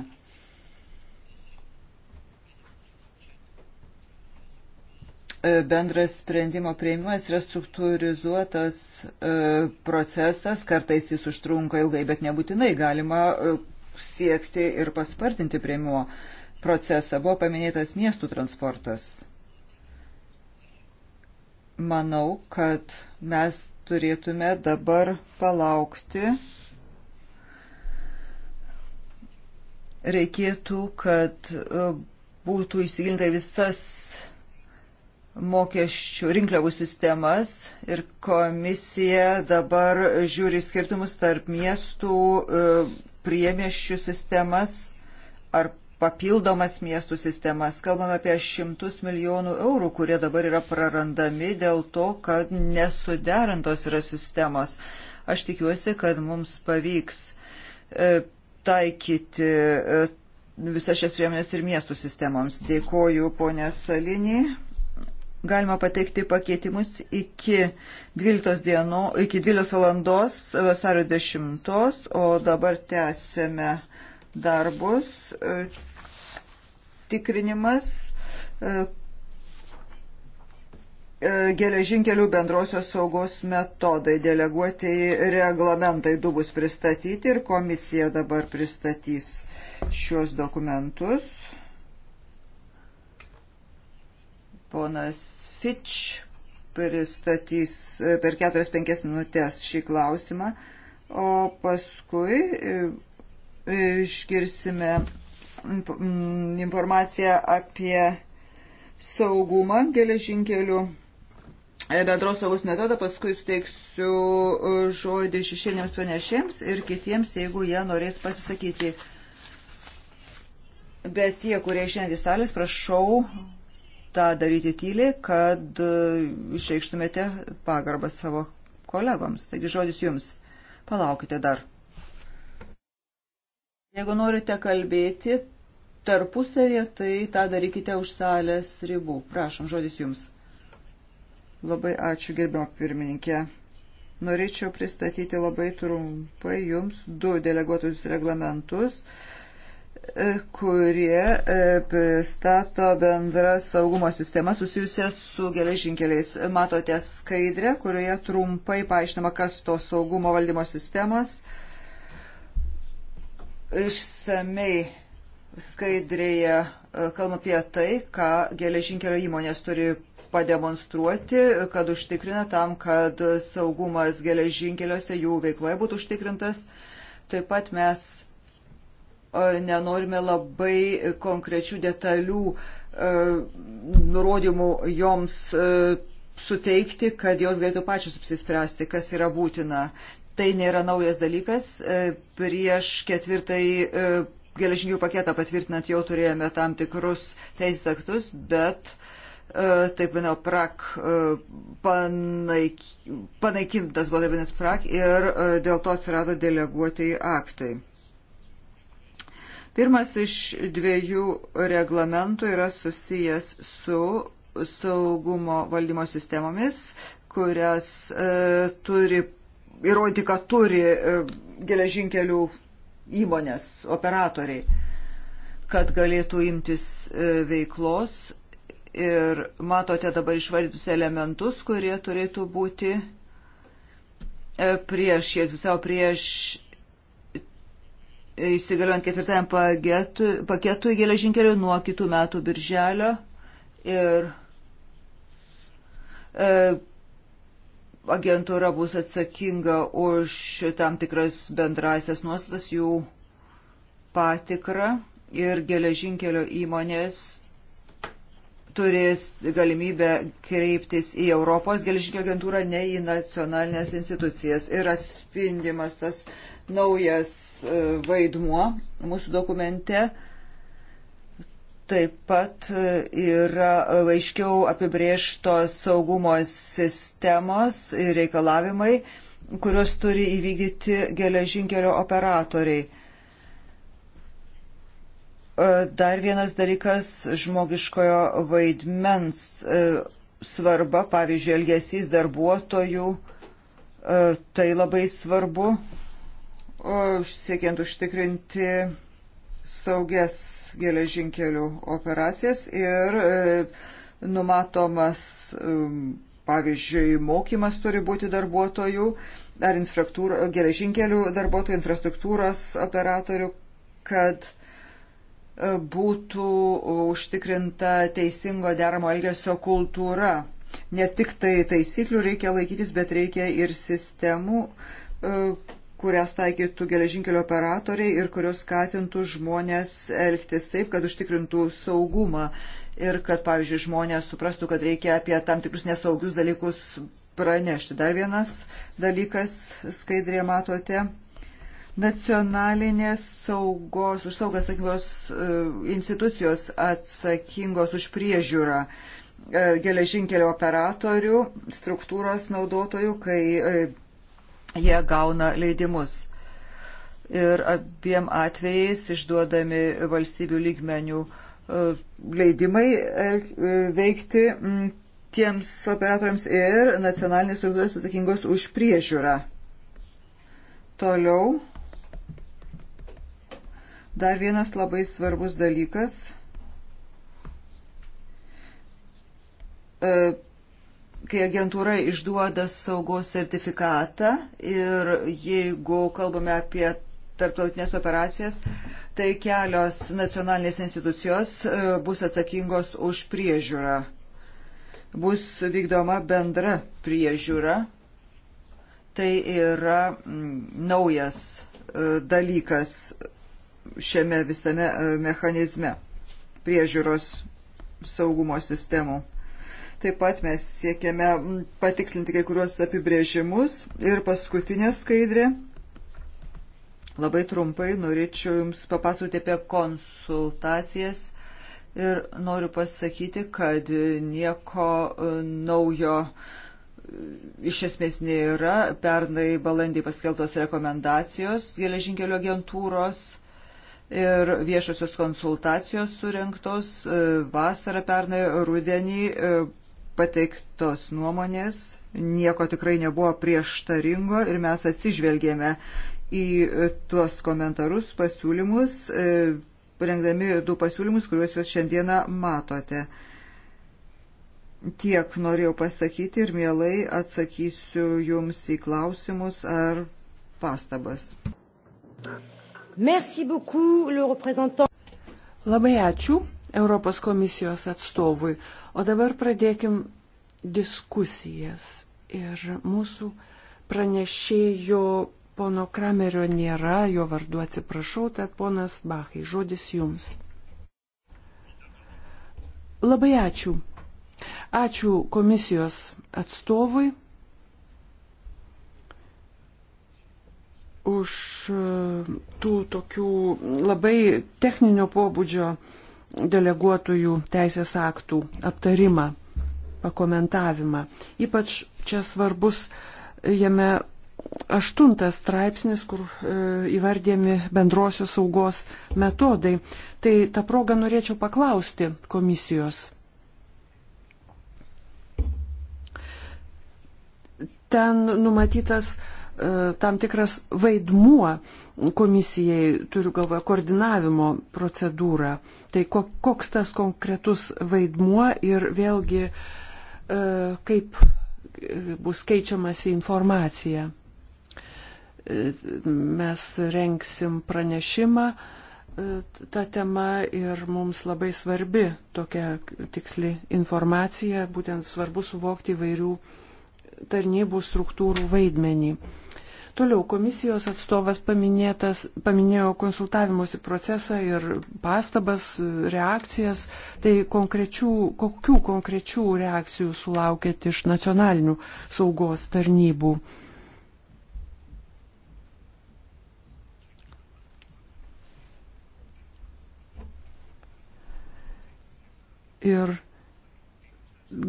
E, bendras sprendimo prieimimas yra struktūrizuotas e, procesas, kartais jis užtrunka ilgai, bet nebūtinai galima siekti ir paspartinti prieimimo procesą. Buvo paminėtas miestų transportas manau, kad mes turėtume dabar palaukti. Reikėtų, kad e, būtų įsigilinta visas mokesčių rinkliavų sistemas ir komisija dabar žiūri skirtumus tarp miestų, e, priemiešių sistemas ar papildomas miestų sistemas. Kalbame apie šimtus milijonų eurų, kurie dabar yra prarandami dėl to, kad nesuderintos yra sistemos. Aš tikiuosi, kad mums pavyks e, taikyti e, visas šias priemonės ir miestų sistemoms. Dėkoju, ponė Salinį. Galima pateikti pakeitimus iki 12, dieno, iki 12 valandos vasario 10, o dabar tęsėme darbus, e, tikrinimas e, e, geležinkelių bendrosios saugos metodai, deleguotieji reglamentai du bus pristatyti ir komisija dabar pristatys šios dokumentus. Ponas Fitch pristatys per 4-5 minutės šį klausimą, o paskui išgirsime mm, informaciją apie saugumą geležinkelių e, bendros saugos metodą, paskui suteiksiu e, žodį šešėliniams panešėms ir kitiems, jeigu jie norės pasisakyti. Bet tie, kurie išėjant į salės, prašau tą daryti tyliai, kad e, išreikštumėte pagarbą savo kolegoms. Taigi žodis jums. Palaukite dar. Jeigu norite kalbėti tarpusavėje, tai tą darykite už salės ribų. Prašom, žodis jums. Labai ačiū, gerbiamo pirmininkė. Norėčiau pristatyti labai trumpai jums du deleguotus reglamentus e, kurie e, pristato bendrą saugumo sistemą susijusią su geležinkeliais. Matote skaidrę, kurioje trumpai paaiškinama, kas to saugumo valdymo sistemas išsamei skaidrėje e, kalbam apie tai, ką geležinkelio įmonės turi pademonstruoti, kad užtikrina tam, kad saugumas geležinkeliuose jų veikloje būtų užtikrintas. Taip pat mes e, nenorime labai konkrečių detalių e, nurodymų joms suteikti, kad jos galėtų pačios apsispręsti, kas yra būtina. Tai nėra naujas dalykas. E, prieš ketvirtąjį e, geležinkelių paketą patvirtinant jau turėjome tam tikrus teisės aktus, bet e, taip manau, prak panaik, panaikintas buvo taip vienas prak ir dėl to atsirado deleguotieji aktai. Pirmas iš dviejų reglamentų yra susijęs su saugumo valdymo sistemomis, kurias e, turi įrodyti, kad turi e, geležinkelių įmonės operatoriai, kad galėtų imtis e, veiklos. Ir matote dabar išvardytus elementus, kurie turėtų būti e, prieš, jie egzistavo prieš įsigaliojant ketvirtajam paketui geležinkelių nuo kitų metų birželio. Ir e, agentūra bus atsakinga už tam tikras bendrasias nuostatas, jų patikrą ir geležinkelio įmonės turės galimybę kreiptis į Europos geležinkelio agentūrą, ne į nacionalinės institucijas. Ir atspindimas tas naujas e, vaidmuo mūsų dokumente Taip pat e, yra e, aiškiau apibrieštos saugumo sistemos ir reikalavimai, kuriuos turi įvykdyti geležinkelio operatoriai. E, dar vienas dalykas - žmogiškojo vaidmens svarba, pavyzdžiui, elgesys darbuotojų. Tai labai svarbu, siekiant užtikrinti saugias geležinkelių operacijas ir e, numatomas, e, pavyzdžiui, mokymas turi būti darbuotojų ar geležinkelių darbuotojų infrastruktūros operatorių, kad e, būtų užtikrinta teisingo deramo elgesio kultūra. Ne tik tai taisyklių reikia laikytis, bet reikia ir sistemų kurias taikytų geležinkelio operatoriai ir kurios skatintų žmonės elgtis taip, kad užtikrintų saugumą ir kad, pavyzdžiui, žmonės suprastų, kad reikia apie tam tikrus nesaugius dalykus pranešti. Dar vienas dalykas skaidrėje matote. Nacionalinės saugos, už saugas atsakingos e, institucijos atsakingos už priežiūrą e, geležinkelio operatorių, struktūros naudotojų, kai e, jie gauna leidimus. Ir abiem atvejais išduodami valstybių lygmenių e, leidimai e, e, veikti tiems operatoriams ir nacionalinės struktūros atsakingos už priežiūrą. Toliau dar vienas labai svarbus dalykas kai agentūra išduoda saugos sertifikatą ir jeigu kalbame apie tarptautinės operacijas, tai kelios nacionalinės institucijos e, bus atsakingos už priežiūrą. Bus vykdoma bendra priežiūra. Tai yra naujas e, dalykas šiame visame e, mechanizme priežiūros saugumo sistemų. Taip pat mes siekiame patikslinti kai kuriuos apibrėžimus. Ir paskutinė skaidrė. Labai trumpai norėčiau Jums papasakoti apie konsultacijas ir noriu pasakyti, kad nieko e, naujo e, iš esmės nėra. Pernai balandį paskeltos rekomendacijos geležinkelio agentūros ir viešosios konsultacijos surinktos e, vasarą pernai rudenį pateiktos nuomonės, nieko tikrai nebuvo prieštaringo ir mes atsižvelgėme į tuos komentarus, pasiūlymus, parengdami e, du pasiūlymus, kuriuos jūs šiandieną matote. Tiek norėjau pasakyti ir mielai atsakysiu jums į klausimus ar pastabas. Merci beaucoup, le représentant. Labai ačiū Europos komisijos atstovui. O dabar pradėkim diskusijas. Ir mūsų pranešėjo pono Kramerio nėra, jo vardu atsiprašau, tad ponas Bachai, žodis jums. Labai ačiū. Ačiū komisijos atstovui už tų tokių labai techninio pobūdžio uh, deleguotųjų teisės aktų aptarimą, pakomentavimą. Ypač čia svarbus e, jame aštuntas straipsnis, kur e, įvardėmi bendrosios saugos metodai. Tai tą progą norėčiau paklausti komisijos. Ten numatytas e, tam tikras vaidmuo komisijai, turiu galvoje, koordinavimo procedūrą Tai koks tas konkretus vaidmuo ir vėlgi e, kaip e, bus keičiamasi informacija. E, mes renksim pranešimą tą temą ir mums labai svarbi tokia tiksli informacija, būtent svarbu suvokti įvairių tarnybų struktūrų vaidmenį. Uh, Toliau komisijos atstovas paminėjo konsultavimosi procesą ir pastabas, reakcijas. Tai konkrečių, kokių konkrečių reakcijų sulaukėt iš nacionalinių saugos tarnybų? Ir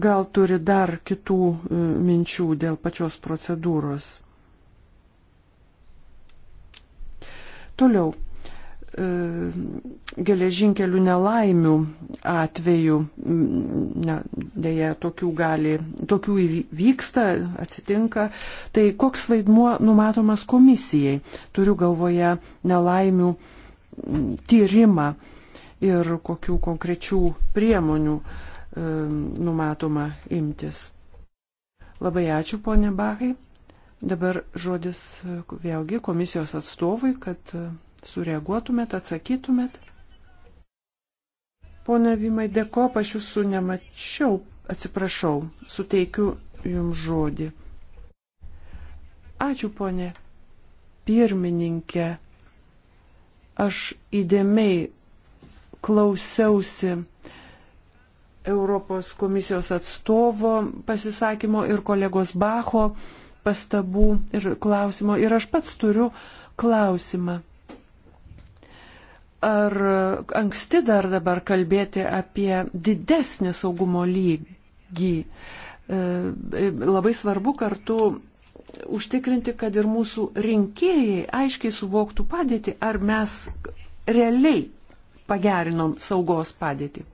gal turi dar kitų e, minčių dėl pačios procedūros. Toliau, e, geležinkelių nelaimių atveju, ne, dėja, tokių, gali, tokių įvyksta, atsitinka, tai koks vaidmuo numatomas komisijai, turiu galvoje nelaimių tyrimą ir kokių konkrečių priemonių e, numatoma imtis. Labai ačiū, ponė Bahai. Dabar žodis e, vėlgi komisijos atstovui, kad e, sureaguotumėt, atsakytumėt. Pone Vimai, dėkop, aš jūsų nemačiau, atsiprašau, suteikiu jums žodį. Ačiū, ponė pirmininkė. Aš įdėmiai klausiausi Europos komisijos atstovo pasisakymo ir kolegos Bacho pastabų ir klausimo. Ir aš pats turiu klausimą. Ar anksti dar dabar kalbėti apie didesnį saugumo lygį? E, labai svarbu kartu užtikrinti, kad ir mūsų rinkėjai aiškiai suvoktų padėtį, ar mes realiai pagerinom saugos padėtį.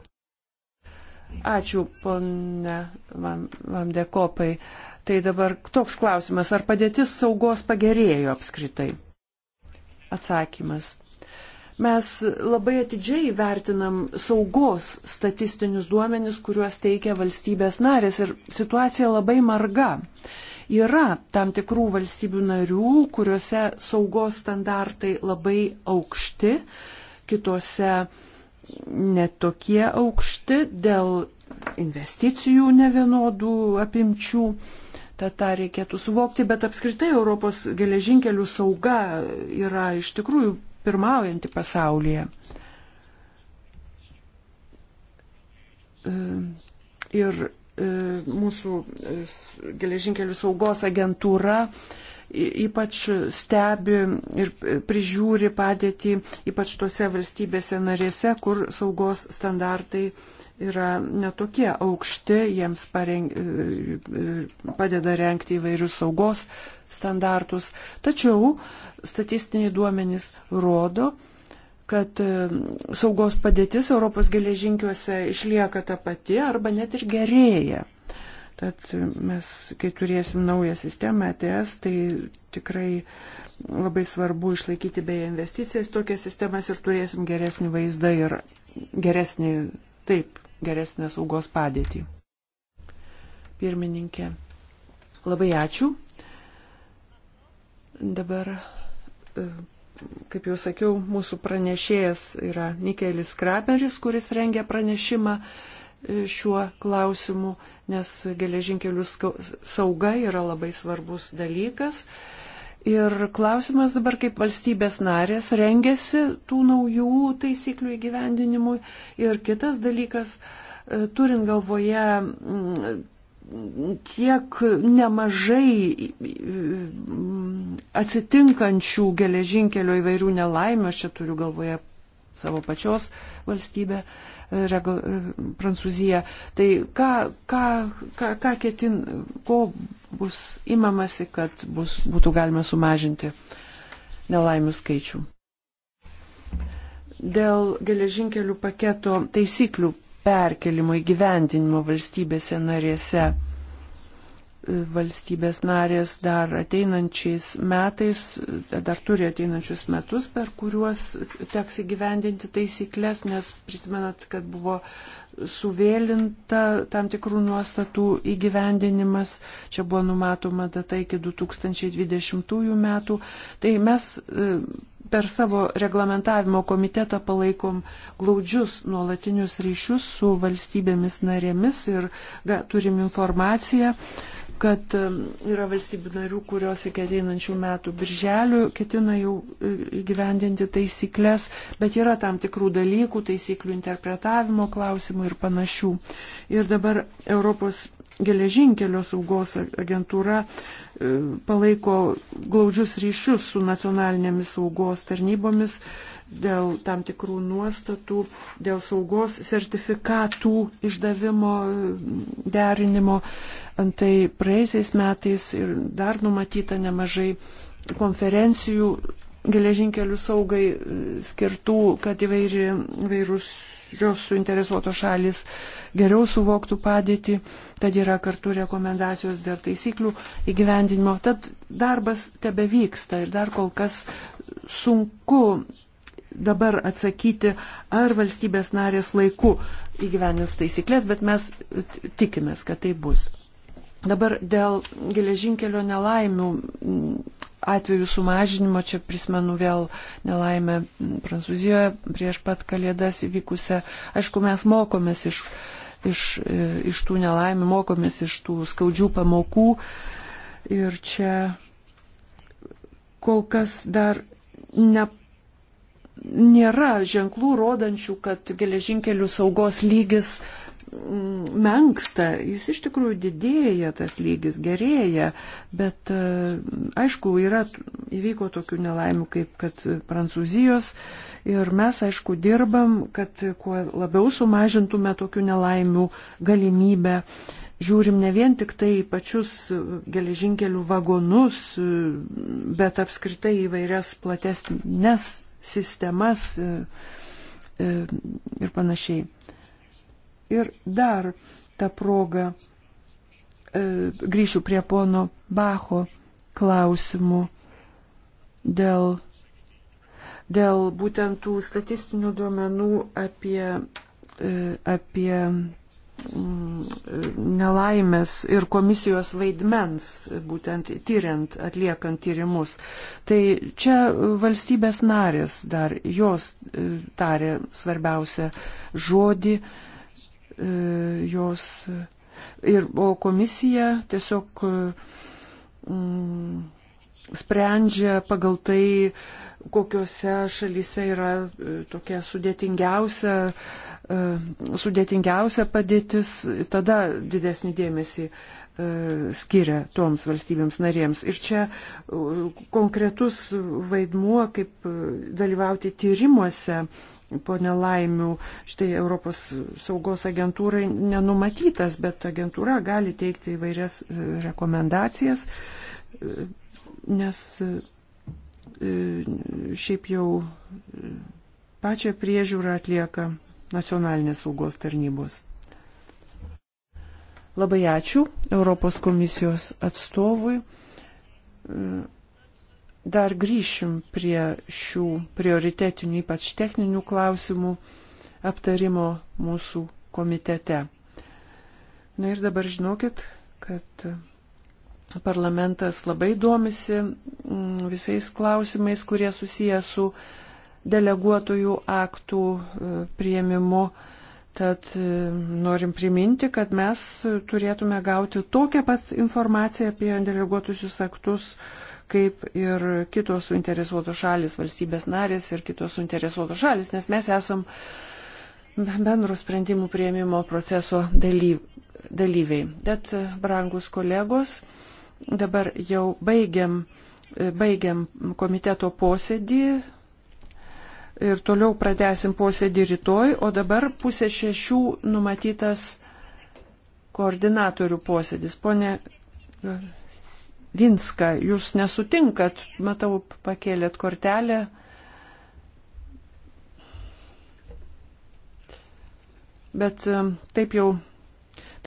Ačiū, ponė Vamdekopai. Vam Tai dabar toks klausimas, ar padėtis saugos pagerėjo apskritai? Atsakymas. Mes labai atidžiai vertinam saugos statistinius duomenis, kuriuos teikia valstybės narės ir situacija labai marga. Yra tam tikrų valstybių narių, kuriuose saugos standartai labai aukšti, kitose netokie aukšti dėl investicijų nevienodų apimčių. Tad tą reikėtų suvokti, bet apskritai Europos geležinkelių sauga yra iš tikrųjų pirmaujanti pasaulyje. E, ir e, mūsų e, geležinkelių saugos agentūra ypač stebi ir prižiūri padėtį, ypač tose valstybėse narėse, kur saugos standartai uh, yra netokie aukšti, jiems pareng, e, e, padeda renkti įvairius saugos standartus. Tačiau statistiniai duomenys rodo, kad e, saugos padėtis Europos geležinkiuose išlieka ta pati arba net ir gerėja. Tad mes, kai turėsim naują sistemą ETS, tai tikrai labai svarbu išlaikyti beje investicijas tokias sistemas ir turėsim geresnį vaizdą ir geresnį, taip, geresnę saugos padėtį. Pirmininkė, labai ačiū. Dabar, e, kaip jau sakiau, mūsų pranešėjas yra Nikelis Kraperis, kuris rengia pranešimą e, šiuo klausimu, nes geležinkelių sauga yra labai svarbus dalykas. Ir klausimas dabar, kaip valstybės narės rengiasi tų naujų taisyklių įgyvendinimui. Ir kitas dalykas, e, turint galvoje mm, tiek nemažai mm, atsitinkančių geležinkelio įvairių nelaimių, aš čia turiu galvoje savo pačios valstybę, e, e, Prancūziją. Tai ką, ką, ką, ką ketin, ko bus imamasi, kad bus, būtų galima sumažinti nelaimių skaičių. Dėl geležinkelių paketo taisyklių perkelimo įgyvendinimo valstybėse narėse valstybės narės dar ateinančiais metais, dar turi ateinančius metus, per kuriuos teks įgyvendinti taisyklės, nes prisimenat, kad buvo suvėlinta tam tikrų nuostatų įgyvendinimas, čia buvo numatoma data iki 2020 metų. Tai mes e, per savo reglamentavimo komitetą palaikom glaudžius nuolatinius ryšius su valstybėmis narėmis ir ga, turim informaciją kad yra valstybių narių, kurios iki ateinančių metų birželių ketina jau e, gyvendinti taisyklės, bet yra tam tikrų dalykų, taisyklių interpretavimo klausimų ir panašių. Ir dabar Europos geležinkelio saugos agentūra e, palaiko glaudžius ryšius su nacionalinėmis saugos tarnybomis, dėl tam tikrų nuostatų, dėl saugos sertifikatų išdavimo derinimo. Antai praeisiais metais ir dar numatyta nemažai konferencijų geležinkelių saugai skirtų, kad įvairi, įvairūs jos suinteresuotos šalis geriau suvoktų padėtį, tad yra kartu rekomendacijos dėl taisyklių įgyvendinimo. Tad darbas tebe vyksta ir dar kol kas sunku dabar atsakyti, ar valstybės narės laiku įgyvenins taisyklės, bet mes tikimės, kad tai bus. Dabar dėl geležinkelio nelaimių mm, atvejų sumažinimo, čia prisimenu vėl nelaimę Prancūzijoje prieš pat kalėdas įvykusią. Aišku, mes mokomės iš, iš, e, iš tų nelaimių, mokomės iš tų skaudžių pamokų. Ir čia kol kas dar ne nėra ženklų rodančių, kad geležinkelių saugos lygis mm, menksta, jis iš tikrųjų didėja, tas lygis gerėja, bet e, aišku, yra, įvyko tokių nelaimių kaip kad Prancūzijos ir mes, aišku, dirbam, kad kuo labiau sumažintume tokių nelaimių galimybę. Žiūrim ne vien tik tai pačius geležinkelių vagonus, bet apskritai įvairias platesnės sistemas e, e, ir panašiai. Ir dar tą progą e, grįšiu prie pono Bacho klausimų dėl, dėl būtent tų statistinių duomenų apie, apie Mm, nelaimės ir komisijos vaidmens, būtent tyriant, atliekant tyrimus. Tai čia valstybės narės dar, jos e, tarė svarbiausią žodį, e, jos e, ir, o komisija tiesiog mm, sprendžia pagal tai, kokiuose šalyse yra tokia sudėtingiausia uh, E, sudėtingiausia padėtis, tada didesnį dėmesį e, skiria toms valstybėms narėms. Ir čia e, konkretus vaidmuo, kaip dalyvauti tyrimuose po nelaimių, štai Europos saugos agentūrai nenumatytas, bet agentūra gali teikti įvairias rekomendacijas, nes šiaip jau pačią priežiūrą atlieka nacionalinės saugos tarnybos. Labai ačiū Europos komisijos atstovui. Dar grįšim prie šių prioritetinių, ypač techninių klausimų aptarimo mūsų komitete. Na ir dabar žinokit, kad parlamentas labai domisi mm, visais klausimais, kurie susiję su deleguotųjų aktų e, prieimimu. Tad e, norim priminti, kad mes turėtume gauti tokią pat informaciją apie deleguotusius aktus, kaip ir kitos suinteresuotos šalis, valstybės narės ir kitos suinteresuotos šalis, nes mes esam bendro sprendimų prieimimo proceso dalyviai. Bet, brangus kolegos, dabar jau baigiam, baigiam komiteto posėdį, ir toliau pratesim posėdį rytoj, o dabar pusė šešių numatytas koordinatorių posėdis. Pone Vinska, jūs nesutinkat, matau, pakėlėt kortelę. Bet e, taip jau